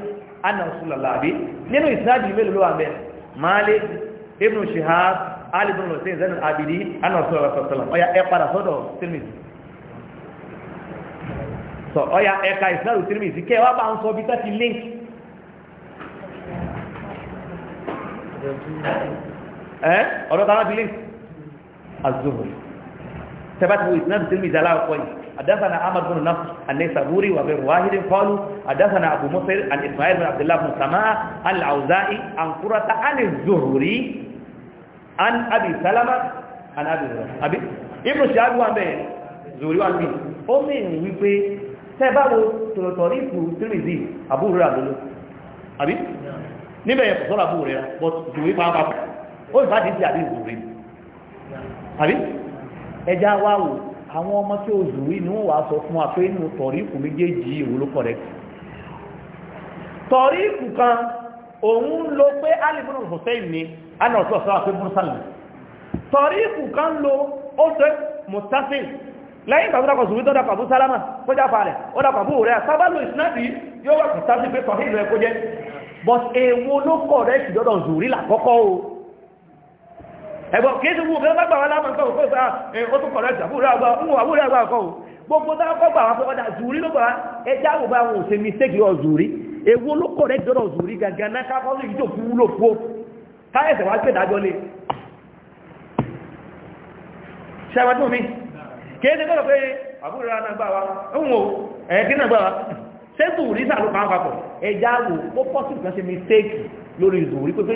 Speaker 1: أن رسول الله بي لأنه إسناد الميل هو مالك ibn shihab ali ibn hussein zainul abidi anna rasulullah sallallahu alaihi wasallam ọya ẹ padà sọ́dọ̀ tirmidhi sọ ọya ẹka ìsìláàrù tirmidhi kẹ wá bá ń sọ bí tá ti link ẹ ọ̀dọ̀ tá láti link az-zuhri ثبت اسناد الترمذي على قوي حدثنا احمد بن نصر النيسابوري وغير واحد قالوا حدثنا ابو مصر عن اسماعيل بن عبد الله بن سماع العوزائي عن قرة عن الزهري an abi salama an abi rẹ̀ àbí ibùn sí agbó àbẹ̀ zòrí wà ní ó mìíràn wípé tẹ́bàwó tòròtòrí ìfù tírìzì àbúrò rẹ̀ àbúrò àbí níbẹ̀ yẹn sọ́rọ̀ àbúrò rẹ̀ but zòrí pàápàá ó sì bá ti ti àbí zòrí àbí ẹja wá wò àwọn ọmọ tí ó zòrí ni wọ́n wà sọ fún wa pé tọ̀rí ìfù méjèèjì ìwòló correct tọ̀rí ìfù kan òun lo pé alìbùnú hussein ni ana ọ̀tọ́ ọ̀sọ́ àpé mùsàlùmí tọ̀ríkù kan lo ó tẹ́ mustafil lẹ́yìn tàbí dákọ̀ zùmí tó dákọ̀ bú sálámà kó já fa rẹ̀ ó dákọ̀ bú rẹ̀ sábàlù ìsinádì yóò wà mustafil pé tọ̀hí ìlú ẹkó jẹ́ but èwo ló kọ̀ rẹ̀ sì dọ́dọ̀ zùrí làkọ́kọ́ o ẹ̀bọ̀ kìí sí wùkẹ́ bá gbàwà lámà nǹkan òkú ìfẹ́ ó tún kọ̀ rẹ̀ sí àbúrò àgbà ń wà àbúrò àgbà kọ́ o gbogbo tá a kọ́ gbà wá fẹ́ ọjà zùrí ló gbà wá ẹjá wò bá wọn ò ṣe mistake yọ zùrí èwo ló kọ̀ rẹ̀ dọ́rọ̀ zùrí gangan náà káfọ́sí ìjọ fún wúlò fún káyẹ̀sẹ̀ wá pé dájọ́ lé ṣẹ́wàtún mi kéèdè tọ́rọ pé àbúrò náà gbà wá ń wò ẹ̀ẹ́kí náà gbà wá ṣé zùrí sàlù kan papọ̀ ẹja wò ó pọ́sì kan ṣe mistake lórí zùrí pé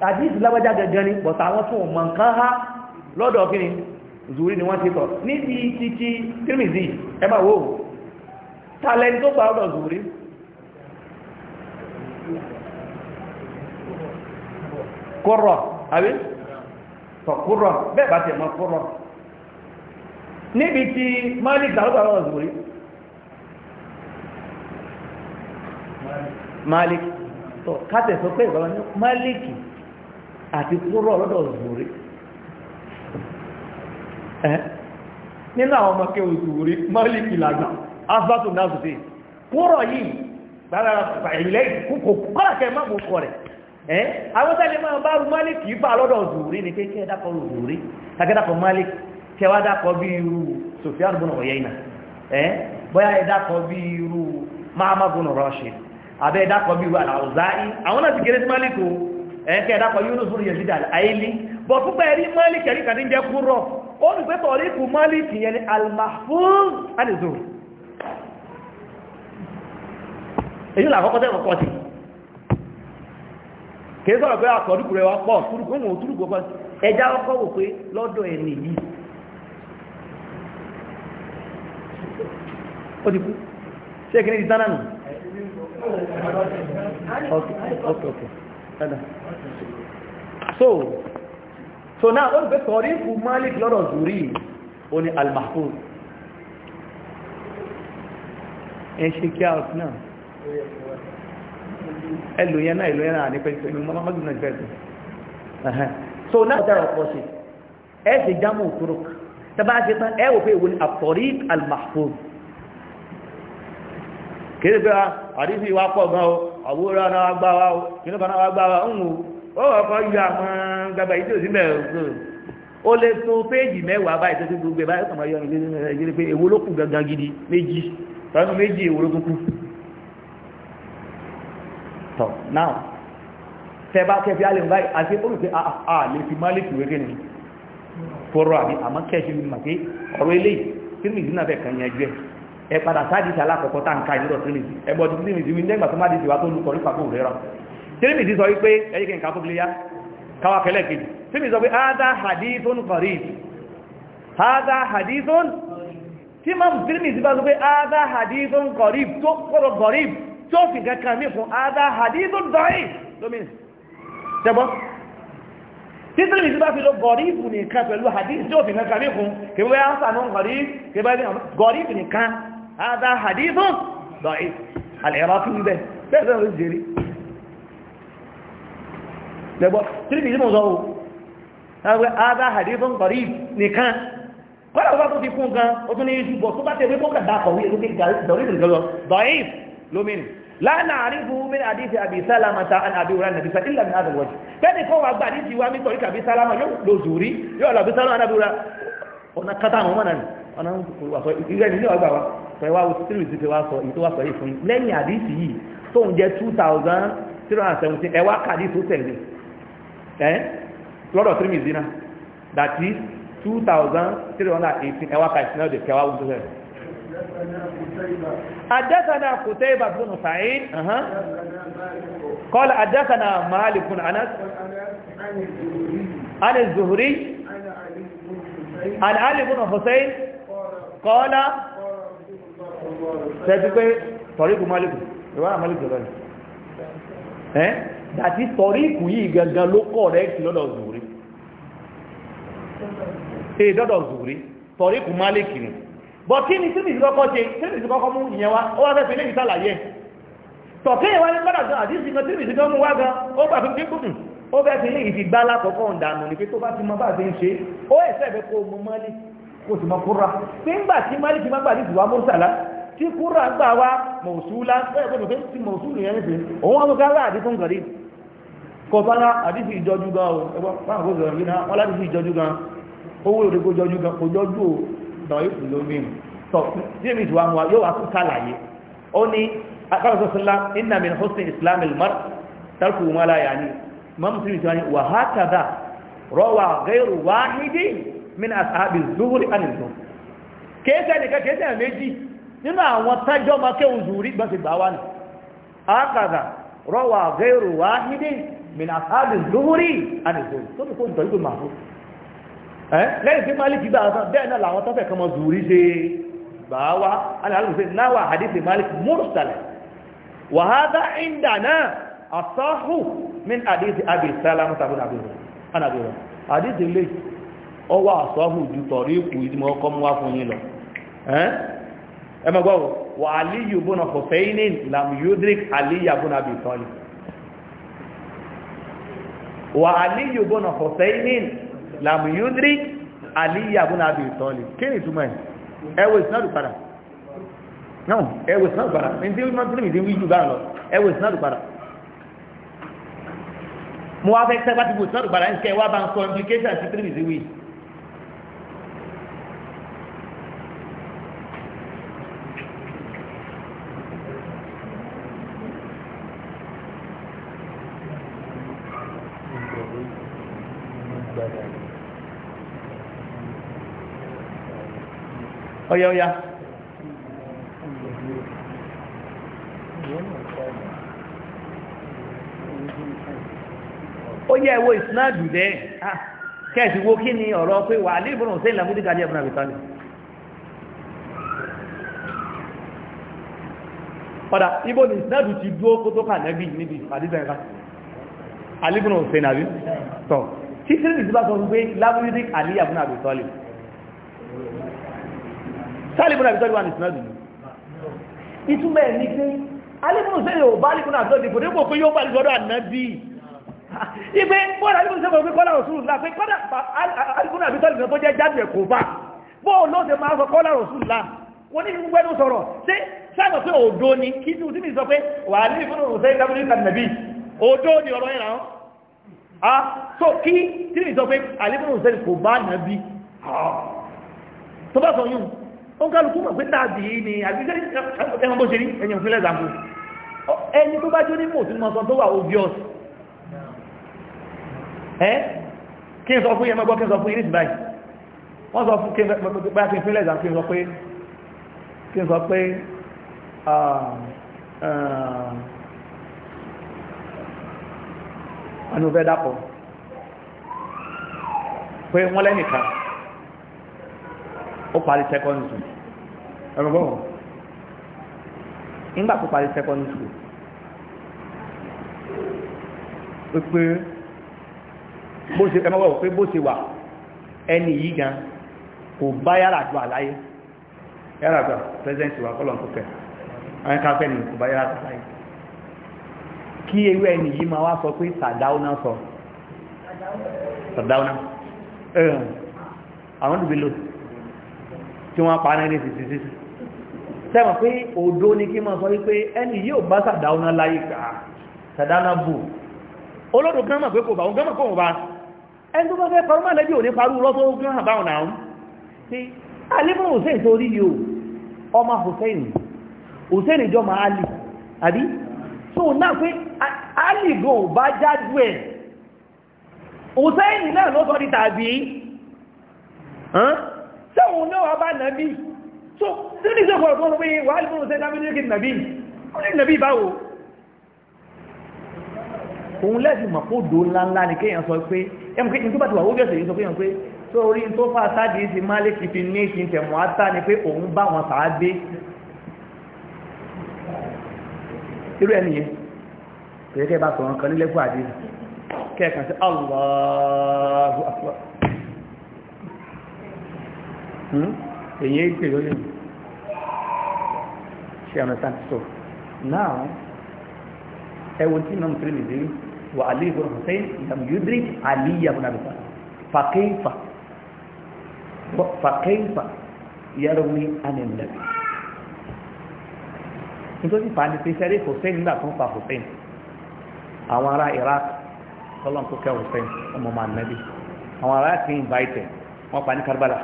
Speaker 1: tàbí ìsìláwájá gangan ni bọ̀tà àwọn tó mọ̀ nǹkan há lọ́dọ̀ kí ni zùrí ni wọ́n ti tọ̀ níbi títí tírìmìzì ẹ máa wò tó gbà ọ̀dọ̀ zùrí kúrọ̀ àbí tọ̀kúrọ̀ bẹ́ẹ̀ bá ti mọ́ kúrọ̀ níbi tí malik dàlọ́gbàrọ̀ ọ̀zùgbòrí malik tó kátẹ̀ sọ pé ìgbàlá ní malik àti kúrọ̀ lọ́dọ̀ ọ̀zùgbòrí nínú àwọn ọmọ kẹwàá ìzùgbòrí malik ìlàgbà asbátò náà sùté kúrọ̀ yìí gbára ilẹ̀ ẹ́ àwọn tẹ́lẹ̀ máa bá rú malik yìí fà lọ́dọ̀ zùrí ni pé kí ẹ dákọ̀ zùrí kí ẹ dákọ̀ malik kí ẹ wá dákọ̀ bí irú sofiyan bùnà ọ̀yẹ́yìnà ẹ́ bóyá ẹ dákọ̀ bí irú mahamad bùnà rashid abẹ́ ẹ dákọ̀ bí irú al-Awza'i àwọn náà ti kéré sí malik o ẹ́ kí ẹ dákọ̀ yunus bùnà yazid al-Aili bọ̀ púpọ̀ ẹ̀rí malik ẹ̀rí kàdí jẹ́ kúrò ó ní pé tọ̀ríkù malik yẹn ni al-mahfuz al-zuhri èyí làkọ́kọ́ tẹ́ kọ́kọ́ sí kìí sọ̀rọ̀ pé àkọ́dùkù rẹ̀ wá pọ̀ túrùkùnmù túrùkù kan ẹjá ọkọ̀ wò pé lọ́dọ̀ ẹni yìí ó ti kú ṣé kí ní ti tánà nù
Speaker 2: ọ̀kọ̀ọ̀kọ̀
Speaker 1: so so now ó pẹ́ sọ̀rí fún Malik lọ́dọ̀ zuri ó ní al-mahfuz ẹ ṣe kí a ọ̀tún náà ẹlò yẹn náà ẹlò yẹn náà ní pẹ́sẹ̀ ní mọ́mọ́dún náà ìfẹ́ so náà dára ọ̀pọ̀ sí ẹ ṣe jámù òtúrùk tẹ́bá ṣe tán ẹ wò pé ìwò ní àtọ̀rík al-mahfuz kìí pé ah, àdísí wa pọ̀ gan o àwòrán náà wá gbá wa o kìí náà wá gbá wa ń wò ọkọ̀ yọ àwọn gbàgbà ìdí òsì mẹ́rin o lè tó péèjì mẹ́wàá báyìí tó ti gbogbo ẹ̀ báyìí kàn máa yọ tọ̀ náà tẹ́bá kẹfì alẹ́ ń báyìí àti ó rò pé a ah, ah, lè fi Málíkì wéré ni fọ́rọ̀ àbí àmọ́ kẹ́ẹ̀ṣì ní màkí ọ̀rọ̀ ilé tírìmìsì náà bẹ̀ kàn yẹn jẹ́ ẹ padà sáàdìsì alákọ̀ọ́kọ́ tá ń ka ìrọ̀ tírìmìsì ẹgbọ́ ti tírìmìsì wí lẹ́gbà tó má dìsì wá tó lùkọ̀ nípa kó rẹ̀ rọ tírìmìsì sọ wípé ẹyíkẹ́ nǹkan fún kíléyà káwa kẹlẹ́ kejì tírìmìsì sọ pé hadha hadithun qarib hadha hadithun tí mọ́ tírìmìsì bá tí ó fi kankan mí fún ada hadithun da'if lómi tẹ́gbọ́ títí ní ti bá fi lọ gọ̀rífù nìkan pẹ̀lú hadith tí ó fi kankan mí fún kẹgbẹ́ ásànú gọ̀rífù nìkan ada hadithun da'if al-Iraqi ń bẹ̀ bẹ́ẹ̀ ló jẹ́rí tẹ́gbọ́ títí ní ti mọ̀ sọ́wọ́ ada hadithun da'if nìkan kọ́lá ọba tó ti kún gan ó tún ní ìṣùgbọ́ tó bá tẹ̀lé kó kàdá kọ̀wé ẹgbẹ́ ìgbàlódé ìgbàlódé lómìnì lánà àríwú min àdífi àbí sálámà ta àná àbí òrà nàbí sàtìlà ní àdàlù wọ́jì kẹ́ni kọ́ wa gbà ní ti wá mi tọ̀rí kàbí sálámà yóò lo zùrí yóò lọ bí sálámà àbí òrà ọ̀nà kátà àwọn ọmọ náà ni ọ̀nà àsọ ìrẹ́ ní ọgbà wa pẹ̀lú wa tírù ti fi wá sọ ìtò wá sọ yìí fún yín lẹ́yìn àdífi yìí tó ń jẹ́ two thousand three hundred Eh, ẹ̀wá kàdí tó mi zina that is two thousand three hundred eighteen ẹ̀wá kàdí tó tẹ̀lé حدثنا قتيبة بن سعيد أه.
Speaker 2: قال حدثنا مالك بن أنس عن الزهري عن علي بن
Speaker 1: حسين قال سيدي طريق مالك رواية مالك جبال dàtí tọ̀ríkù yìí gangan ló kọ̀ rẹ̀ sí lọ́dọ̀ zùúrí. èdọ́dọ̀ zùúrí tọ̀ríkù málékì ni bọ̀ kí ni tí nìsí kọ́kọ́ ṣe tí nìsí kọ́kọ́ mú ìyẹn wá ó wá fẹ́ fi léyìí sàlàyé tọ̀kẹ́ ìwá ní padà àdísì kan tí nìsí kan mú wá gan ó gbà fún kíkùn ó fẹ́ fi léyìí fi gbá lákọ̀ọ́kọ́ ìdànù ní pé tó bá ti mọ bá ti ń ṣe ó ẹ̀sẹ̀ fẹ́ kó mú mọ́lì kó sì mọ kúrà pé ńgbà tí mọ́lì ti má gbà nítorí wa mọ́sàlá tí kúrà gbà wá mọ̀súlá dọ̀ ìpù lómi tọ̀ jébì tí wọ́n yóò wá tún kàlàyé ó ní akọ́sọ́sọ́lá inna min husni islam al-mar tarku ma la yani imam muslim ti wani wa hakadha rawa ghayru wahidin min ashabi zuhri an zuhri kese ni ka kese méjì nínú àwọn tajo ma ke uzuri ba se gba wa ni hakadha rawa ghayru wahidin min ashabi zuhri an zuhri to ko nto ibu lẹ́yìn tí Malik gbà sán bẹ́ẹ̀ náà làwọn tọ́fẹ̀ kan mọ́ zùrí ṣe bá wá náwà àdíṣẹ́ Malik mọ́rùsàlẹ̀ wà á dá ìndà náà àtọ́hù min àdíṣẹ́ Abi Salama tàbí àbẹ̀rẹ̀ àdíṣẹ́ lè ọwọ́ àtọ́hù ju tọ̀rí ìkù ìdímọ̀ ọkọ̀ mú wá fún yín lọ ẹmọ gbọ́wọ́ wà Aliyu bọ́nà Hussein lam yudrik lamuyundri aliyabuna abi tọ́lì kí ni túmọ̀ ẹ̀ ẹwẹ̀ ìsinádù padà náà ẹwẹ̀ ìsinádù padà ní tí wọ́n tún ìdí wíjù bá lọ ẹwẹ̀ ìsinádù padà mo wá fẹ́ sẹ́gbàtí ìsinádù padà ń kẹ́ wá bá ń sọ implication sí tírìmìsì wíjù ọ̀yá ọ̀yá ó yẹ ẹwọ ìsinádù dẹ́ ah, kẹ́ẹ̀sì wo kí ni ọ̀rọ̀ pé wà ní ìbùnà òsè ìlàmúdí gàdí ẹ̀bùnà àbìtánì padà ibo ni ìsinádù ti dúó kó tó kà nẹ́bí níbi àdíjẹ́ ìka alíbùnà tí sílẹ̀ ìdíbà sọ fún pé lábúrídì àlíyà fún àbí tọ́lì sálì fún àbí tọ́lì wà ní sinadu ìtumọ̀ ẹ̀ ní pé alífún sẹ́yìn ò bá alífún àbí tọ́lì kò dé kò pé yóò bá alífún ànábì ipe bọ́ọ̀lù alífún sẹ́yìn pé kọ́lá òṣùlù la pé kọ́lá alífún àbí tọ́lì tó jẹ́ jáde kò bá bọ́ọ̀lù ó ti máa sọ kọ́lá òṣùlù la wọ́n ní gbogbo ẹnu sọ̀rọ̀ ṣé sáàmù pé òdo ni kí ni òtí mi sọ pé wà á ní ìfúnnù sẹ́yìn lábúrídì ànábì òdo ni ọ̀rọ̀ yẹn náà a ah, so kí tí ní ìjọpé alẹ́bùn òṣèlú kò bá nàbí ah. tó bá sọ yún ó ń kálukú mọ̀ pé tàbí ní àgbíṣẹ́ ẹ̀wọ̀n bó ṣe rí ẹ̀yìn fún lẹ́zàmù ẹni tó bá jó ní mò tún mọ́ sọ tó wà obvious ẹ́ kí n sọ fún yẹmọ́gbọ́ kí n sọ fún iris báyìí wọ́n sọ fún kí n fún lẹ́zàmù kí n sọ pé kí n sọ ah, wọn ò fẹ́ dàpọ̀ pé wọ́n lẹ́nìkan ó parí second school ẹ̀rọ̀gbọ́n nígbà tó parí second school pé pé bó ṣe ẹmọ́wọ́ pé bó ṣe wà ẹni yìí gan kò bá yàrá àjọ àláyé yàrá àjọ present wà kọ́lọ̀ tó fẹ́ àwọn ẹ̀ka fẹ́ ni kò bá yàrá àjọ àláyé kí ewé ẹni yìí máa wá sọ pé sàdáúná sọ sàdáúná ẹ̀rùn àwọn ìbí lò tí wọ́n pa náà ní sí sí sí sẹ́mọ̀ pé òdó ní kí máa sọ wípé ẹni yìí ò bá sàdáúná láyé kà sàdáúná bù olódò gánmà pé kò bá gánmà kò bá ẹni tó bá fẹ́ parọ́ máa lẹ́bí ò ní parú lọ́tọ́ gánmà báwọn náà so náà pé alìgbò bá jájú ẹ̀ òsẹ́yìn náà ló sọ di tàbí ṣe òun náà wà bá nàbí so tí ní ìṣẹ́kọ̀ọ́ tó ń pè wà á lè fún òsẹ́yìn náà lókè nàbí ó ní nàbí báwo òun lẹ́sì mọ̀ kó dò ńláńlá ní kéèyàn sọ pé ẹmùkéyìn tó bá ti wà ójọ́ ìṣẹ́yìn sọ pé yàn pé tó orí tó fà sáàdì sí máàlìkì fi ní ìṣìn tẹ̀mọ̀ átá ni pé òun kẹ́kẹ́ bá sọ̀rọ̀ kan nílẹ́kùn àdéhùn kẹ́ẹ̀kan sí Allahu Akbar hmm? èyí ń pè lórí ṣe ọ̀nà sáà ti sọ náà ẹwọ́n tí náà mùsùlùmí dé wà Ali ibn Hussein ìdàmù yudrik Ali ibn Abi Talib fàkẹ́fà fàkẹ́fà ní pé sẹ́rí àwọn ará Iraq ọlọ́n kó kẹ́ ọmọ ọmọ ànábì àwọn ará ti invite wọn pa ní Karbala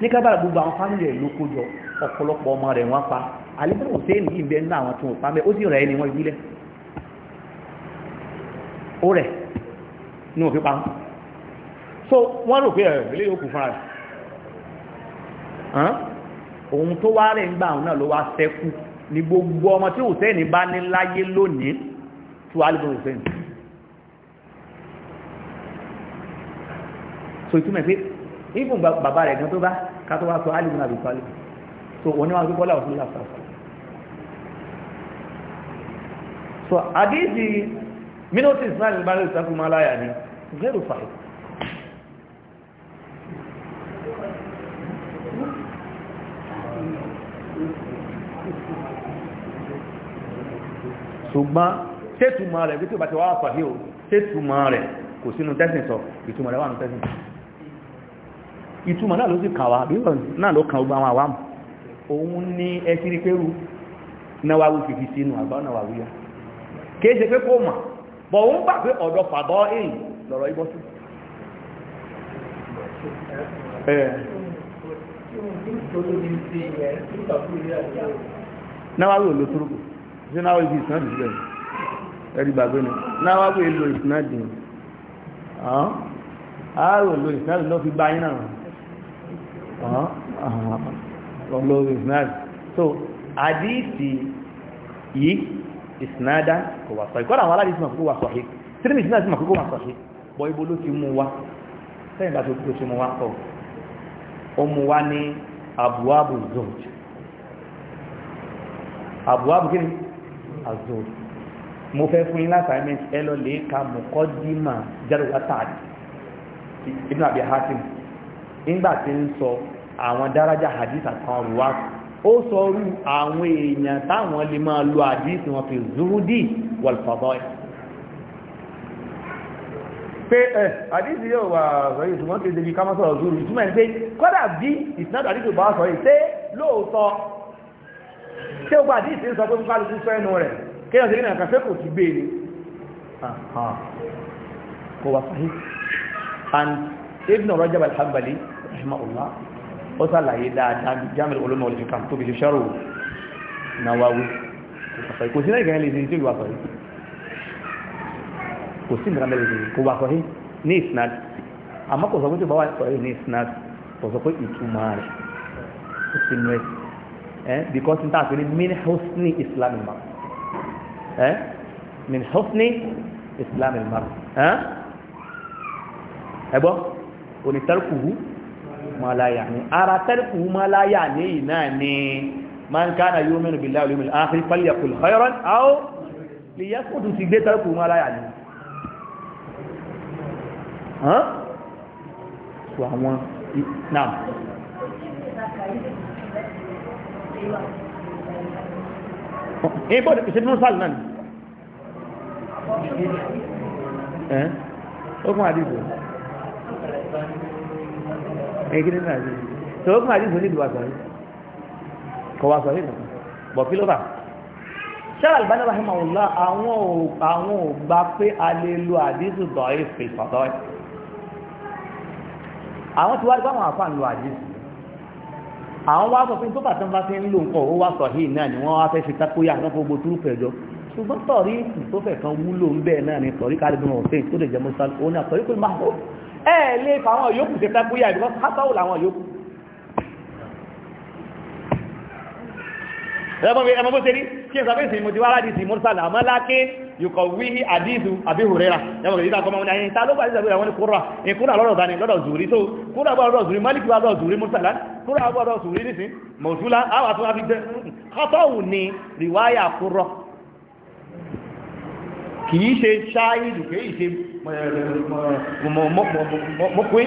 Speaker 1: ní Karbala gbogbo àwọn fámìlì ẹ̀ ló kójọ ọ̀pọ̀lọpọ̀ ọmọ rẹ̀ wọ́n pa yìí àwọn tí wọ́n pa mẹ́ so wọ́n rò pé ilé eh, yòókù fúnra rẹ̀ ohun tó wá rẹ̀ ń gbà àwọn náà ló wá ní to alibun hussein so ìtumọ̀ pé even bàbá rẹ̀ gan tó bá ká tó wá sọ alibun àbí pálí so òní wọn gbọ́lá òfin láfà so àdéhìí minotis náà ní bára ìsákùn máa láyà ní zero five ṣùgbọ́n tẹ́tùmọ̀ rẹ̀ bí bá ti wá sọ̀hí o tẹ́tùmọ̀ rẹ̀ kò sínú sọ ìtumọ̀ rẹ̀ wà ní tẹ́sìn ìtumọ̀ náà ló sì kàwà bíbọn náà ló kàn ó gbá wọn àwámù òun ní ẹsìrí pẹ́rù náwàwú fìfì sínú àgbá náwàwú yá ẹ̀rí gbàgbé ni náwáwó èlò ìsinádì àárò èlò ìsinádì ló fi gbáyé náà ọ̀lọ́ ìsinádì so àdíìsì yìí ìsinádà kò wà sọ̀hí kọ́nà àwọn aládìsí màkúkú wà sọ̀hí tírínì ìsinádì màkúkú wà sọ̀hí bọ́ ibo ló ti mú wa sẹ́yìn bá tó ti mú wa kọ́ ó mú wa ní àbúwábù zooj àbúwábù kí ni àzooj mo fẹ́ fún yín lásàmẹ́ntì ẹ lọ lè ka mọ̀kọ́dímà jẹ́rùwátàdì ibn abi hatim nígbà tí ń sọ àwọn dárájà hadith àtàwọn olùwà ó sọ rú àwọn èèyàn táwọn lè máa lo hadith wọn fi zúrúdì wal fadail pé ẹ hadith yóò wà sọyìn ṣùgbọ́n kí n débi ká má sọ̀rọ̀ zúrú ìtumọ̀ ẹni pé kódà bí ìsinádà hadith bá sọ yìí ṣé lóòótọ́ ṣé gbogbo hadith ń sọ pé fúnkálukú fẹ́nu rẹ̀ kéyàn sí kí ní àkàfẹ́ kò ti gbé ní kò wà sahih and Ibn Rajab al-Hanbali rahimahullah ó sàlàyé dáadáa Jami'ul Ulum wal Hikam tó bí ṣe ṣọ́rọ̀ Nawawi kò sí náà ìgbẹ̀rẹ̀ lè ṣe ìwà sahih kò sí ìgbẹ̀rẹ̀ lè ṣe kò wà sahih ní isnad àmọ́ kò sọ eh? because n ta fi ní min husni islam min husni islam al-mar ẹgbọ́ òní tẹ́rùkùhù mọ́láyà ní ara tẹ́rùkùhù mọ́láyà ní ìná ni man kana yu'minu billahi wal yawmil akhir falyaqul khayran aw liyasmut ti gbé tẹ́rùkùhù mọ́láyà ní so àwọn náà ìbọ̀dẹ̀ ìṣẹ́dún sáà náà
Speaker 2: ẹ́ okùn àdìsò ẹ̀kí nínú
Speaker 1: àdìsò tó okùn àdìsò ní ìlú àsọ̀rí kọ̀ wá sọ̀rí nìkan bọ̀ kí ló bà ṣáà Albani rahimahullah àwọn ò gbà pé a lè lo àdìsò dọ̀rí fi sọ̀tọ̀ ẹ̀ àwọn tí wá gbà wọn àfà ń lo àdìsò àwọn wá sọ pé tó bàtán bá fi ń lò nǹkan ó wá sọ̀hí náà ni wọ́n wá fẹ́ fi tákóyà lọ́pọ̀ gbogbo túrú pẹ̀jọ́ ṣùgbọ́n tọ̀rí ìkù tó fẹ̀ kan wúlò ń bẹ́ẹ̀ náà ni tọ̀rí kárí bímọ ọ̀sẹ̀ tó lè jẹ mọ́sálù òun náà tọ̀rí pé máa ó ẹ̀ lè fa àwọn yòókù ṣe fẹ́ bóyá ìbí kásáwò làwọn yòókù. ẹmọ bó ṣe rí kí n sàbẹ̀sì mo ti wá láti sí mọ́sálù àmọ́ láké yòókọ̀ wí àdíìsù àbí Hùrẹ́rà ẹmọ bèbí ìdákọ́ máa ń yẹn ta ló bá ìṣàbẹ̀sì àwọn kúrà ní kúrà lọ́dọ̀ dání lọ́dọ̀ zùrí tó kúrà bá lọ́dọ̀ zùrí Málíkì bá lọ́dọ̀ zùrí mọ́sálà kúrà bá lọ́dọ̀ zùrí nísìn mọ̀túlá àwọn àtúnwá fi jẹ́ kọ́tọ̀ wù rìwáyà kúrọ̀ kìí ṣe ṣáìdù kìí ṣe mọ́kùn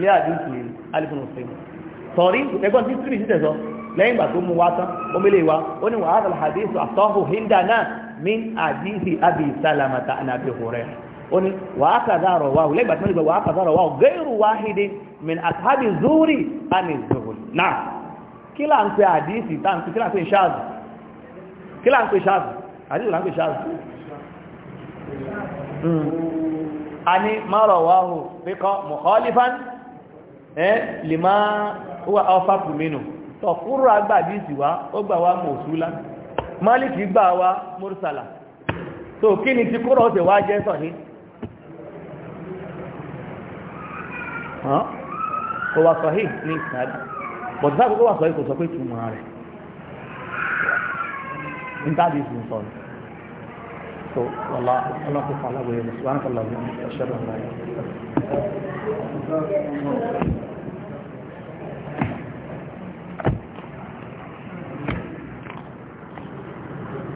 Speaker 1: ní àdínkù alifun ọ̀sẹ̀ sọ̀rí ẹgbọ́n tí tírì sí tẹ̀sọ lẹ́yìn ìgbà tó mú wá tán ó mélé ó ní wàhálà alhadisu àtọ́hù min àdíhì abi salamata anabi hore ó ní wàhálà rọwà lẹ́gbà tó ní wàhálà rọwà min ashabi zuri ani zuhuri náà kí là ń pè àdíhì tá kí là ń a ní márọ̀wáhù pẹ́kọ́ mọ̀kọ́lífán lè máa wà ọfà kùmínù tọ̀kúrò agbàdìsì wá ó gbà wá mọ̀súlá málìkì gbà wá tó kí ti to wallah Allah ku fala goyi subhanallahi wa bihamdihi ashhadu an la ilaha illa
Speaker 2: anta astaghfiruka wa atubu ilaik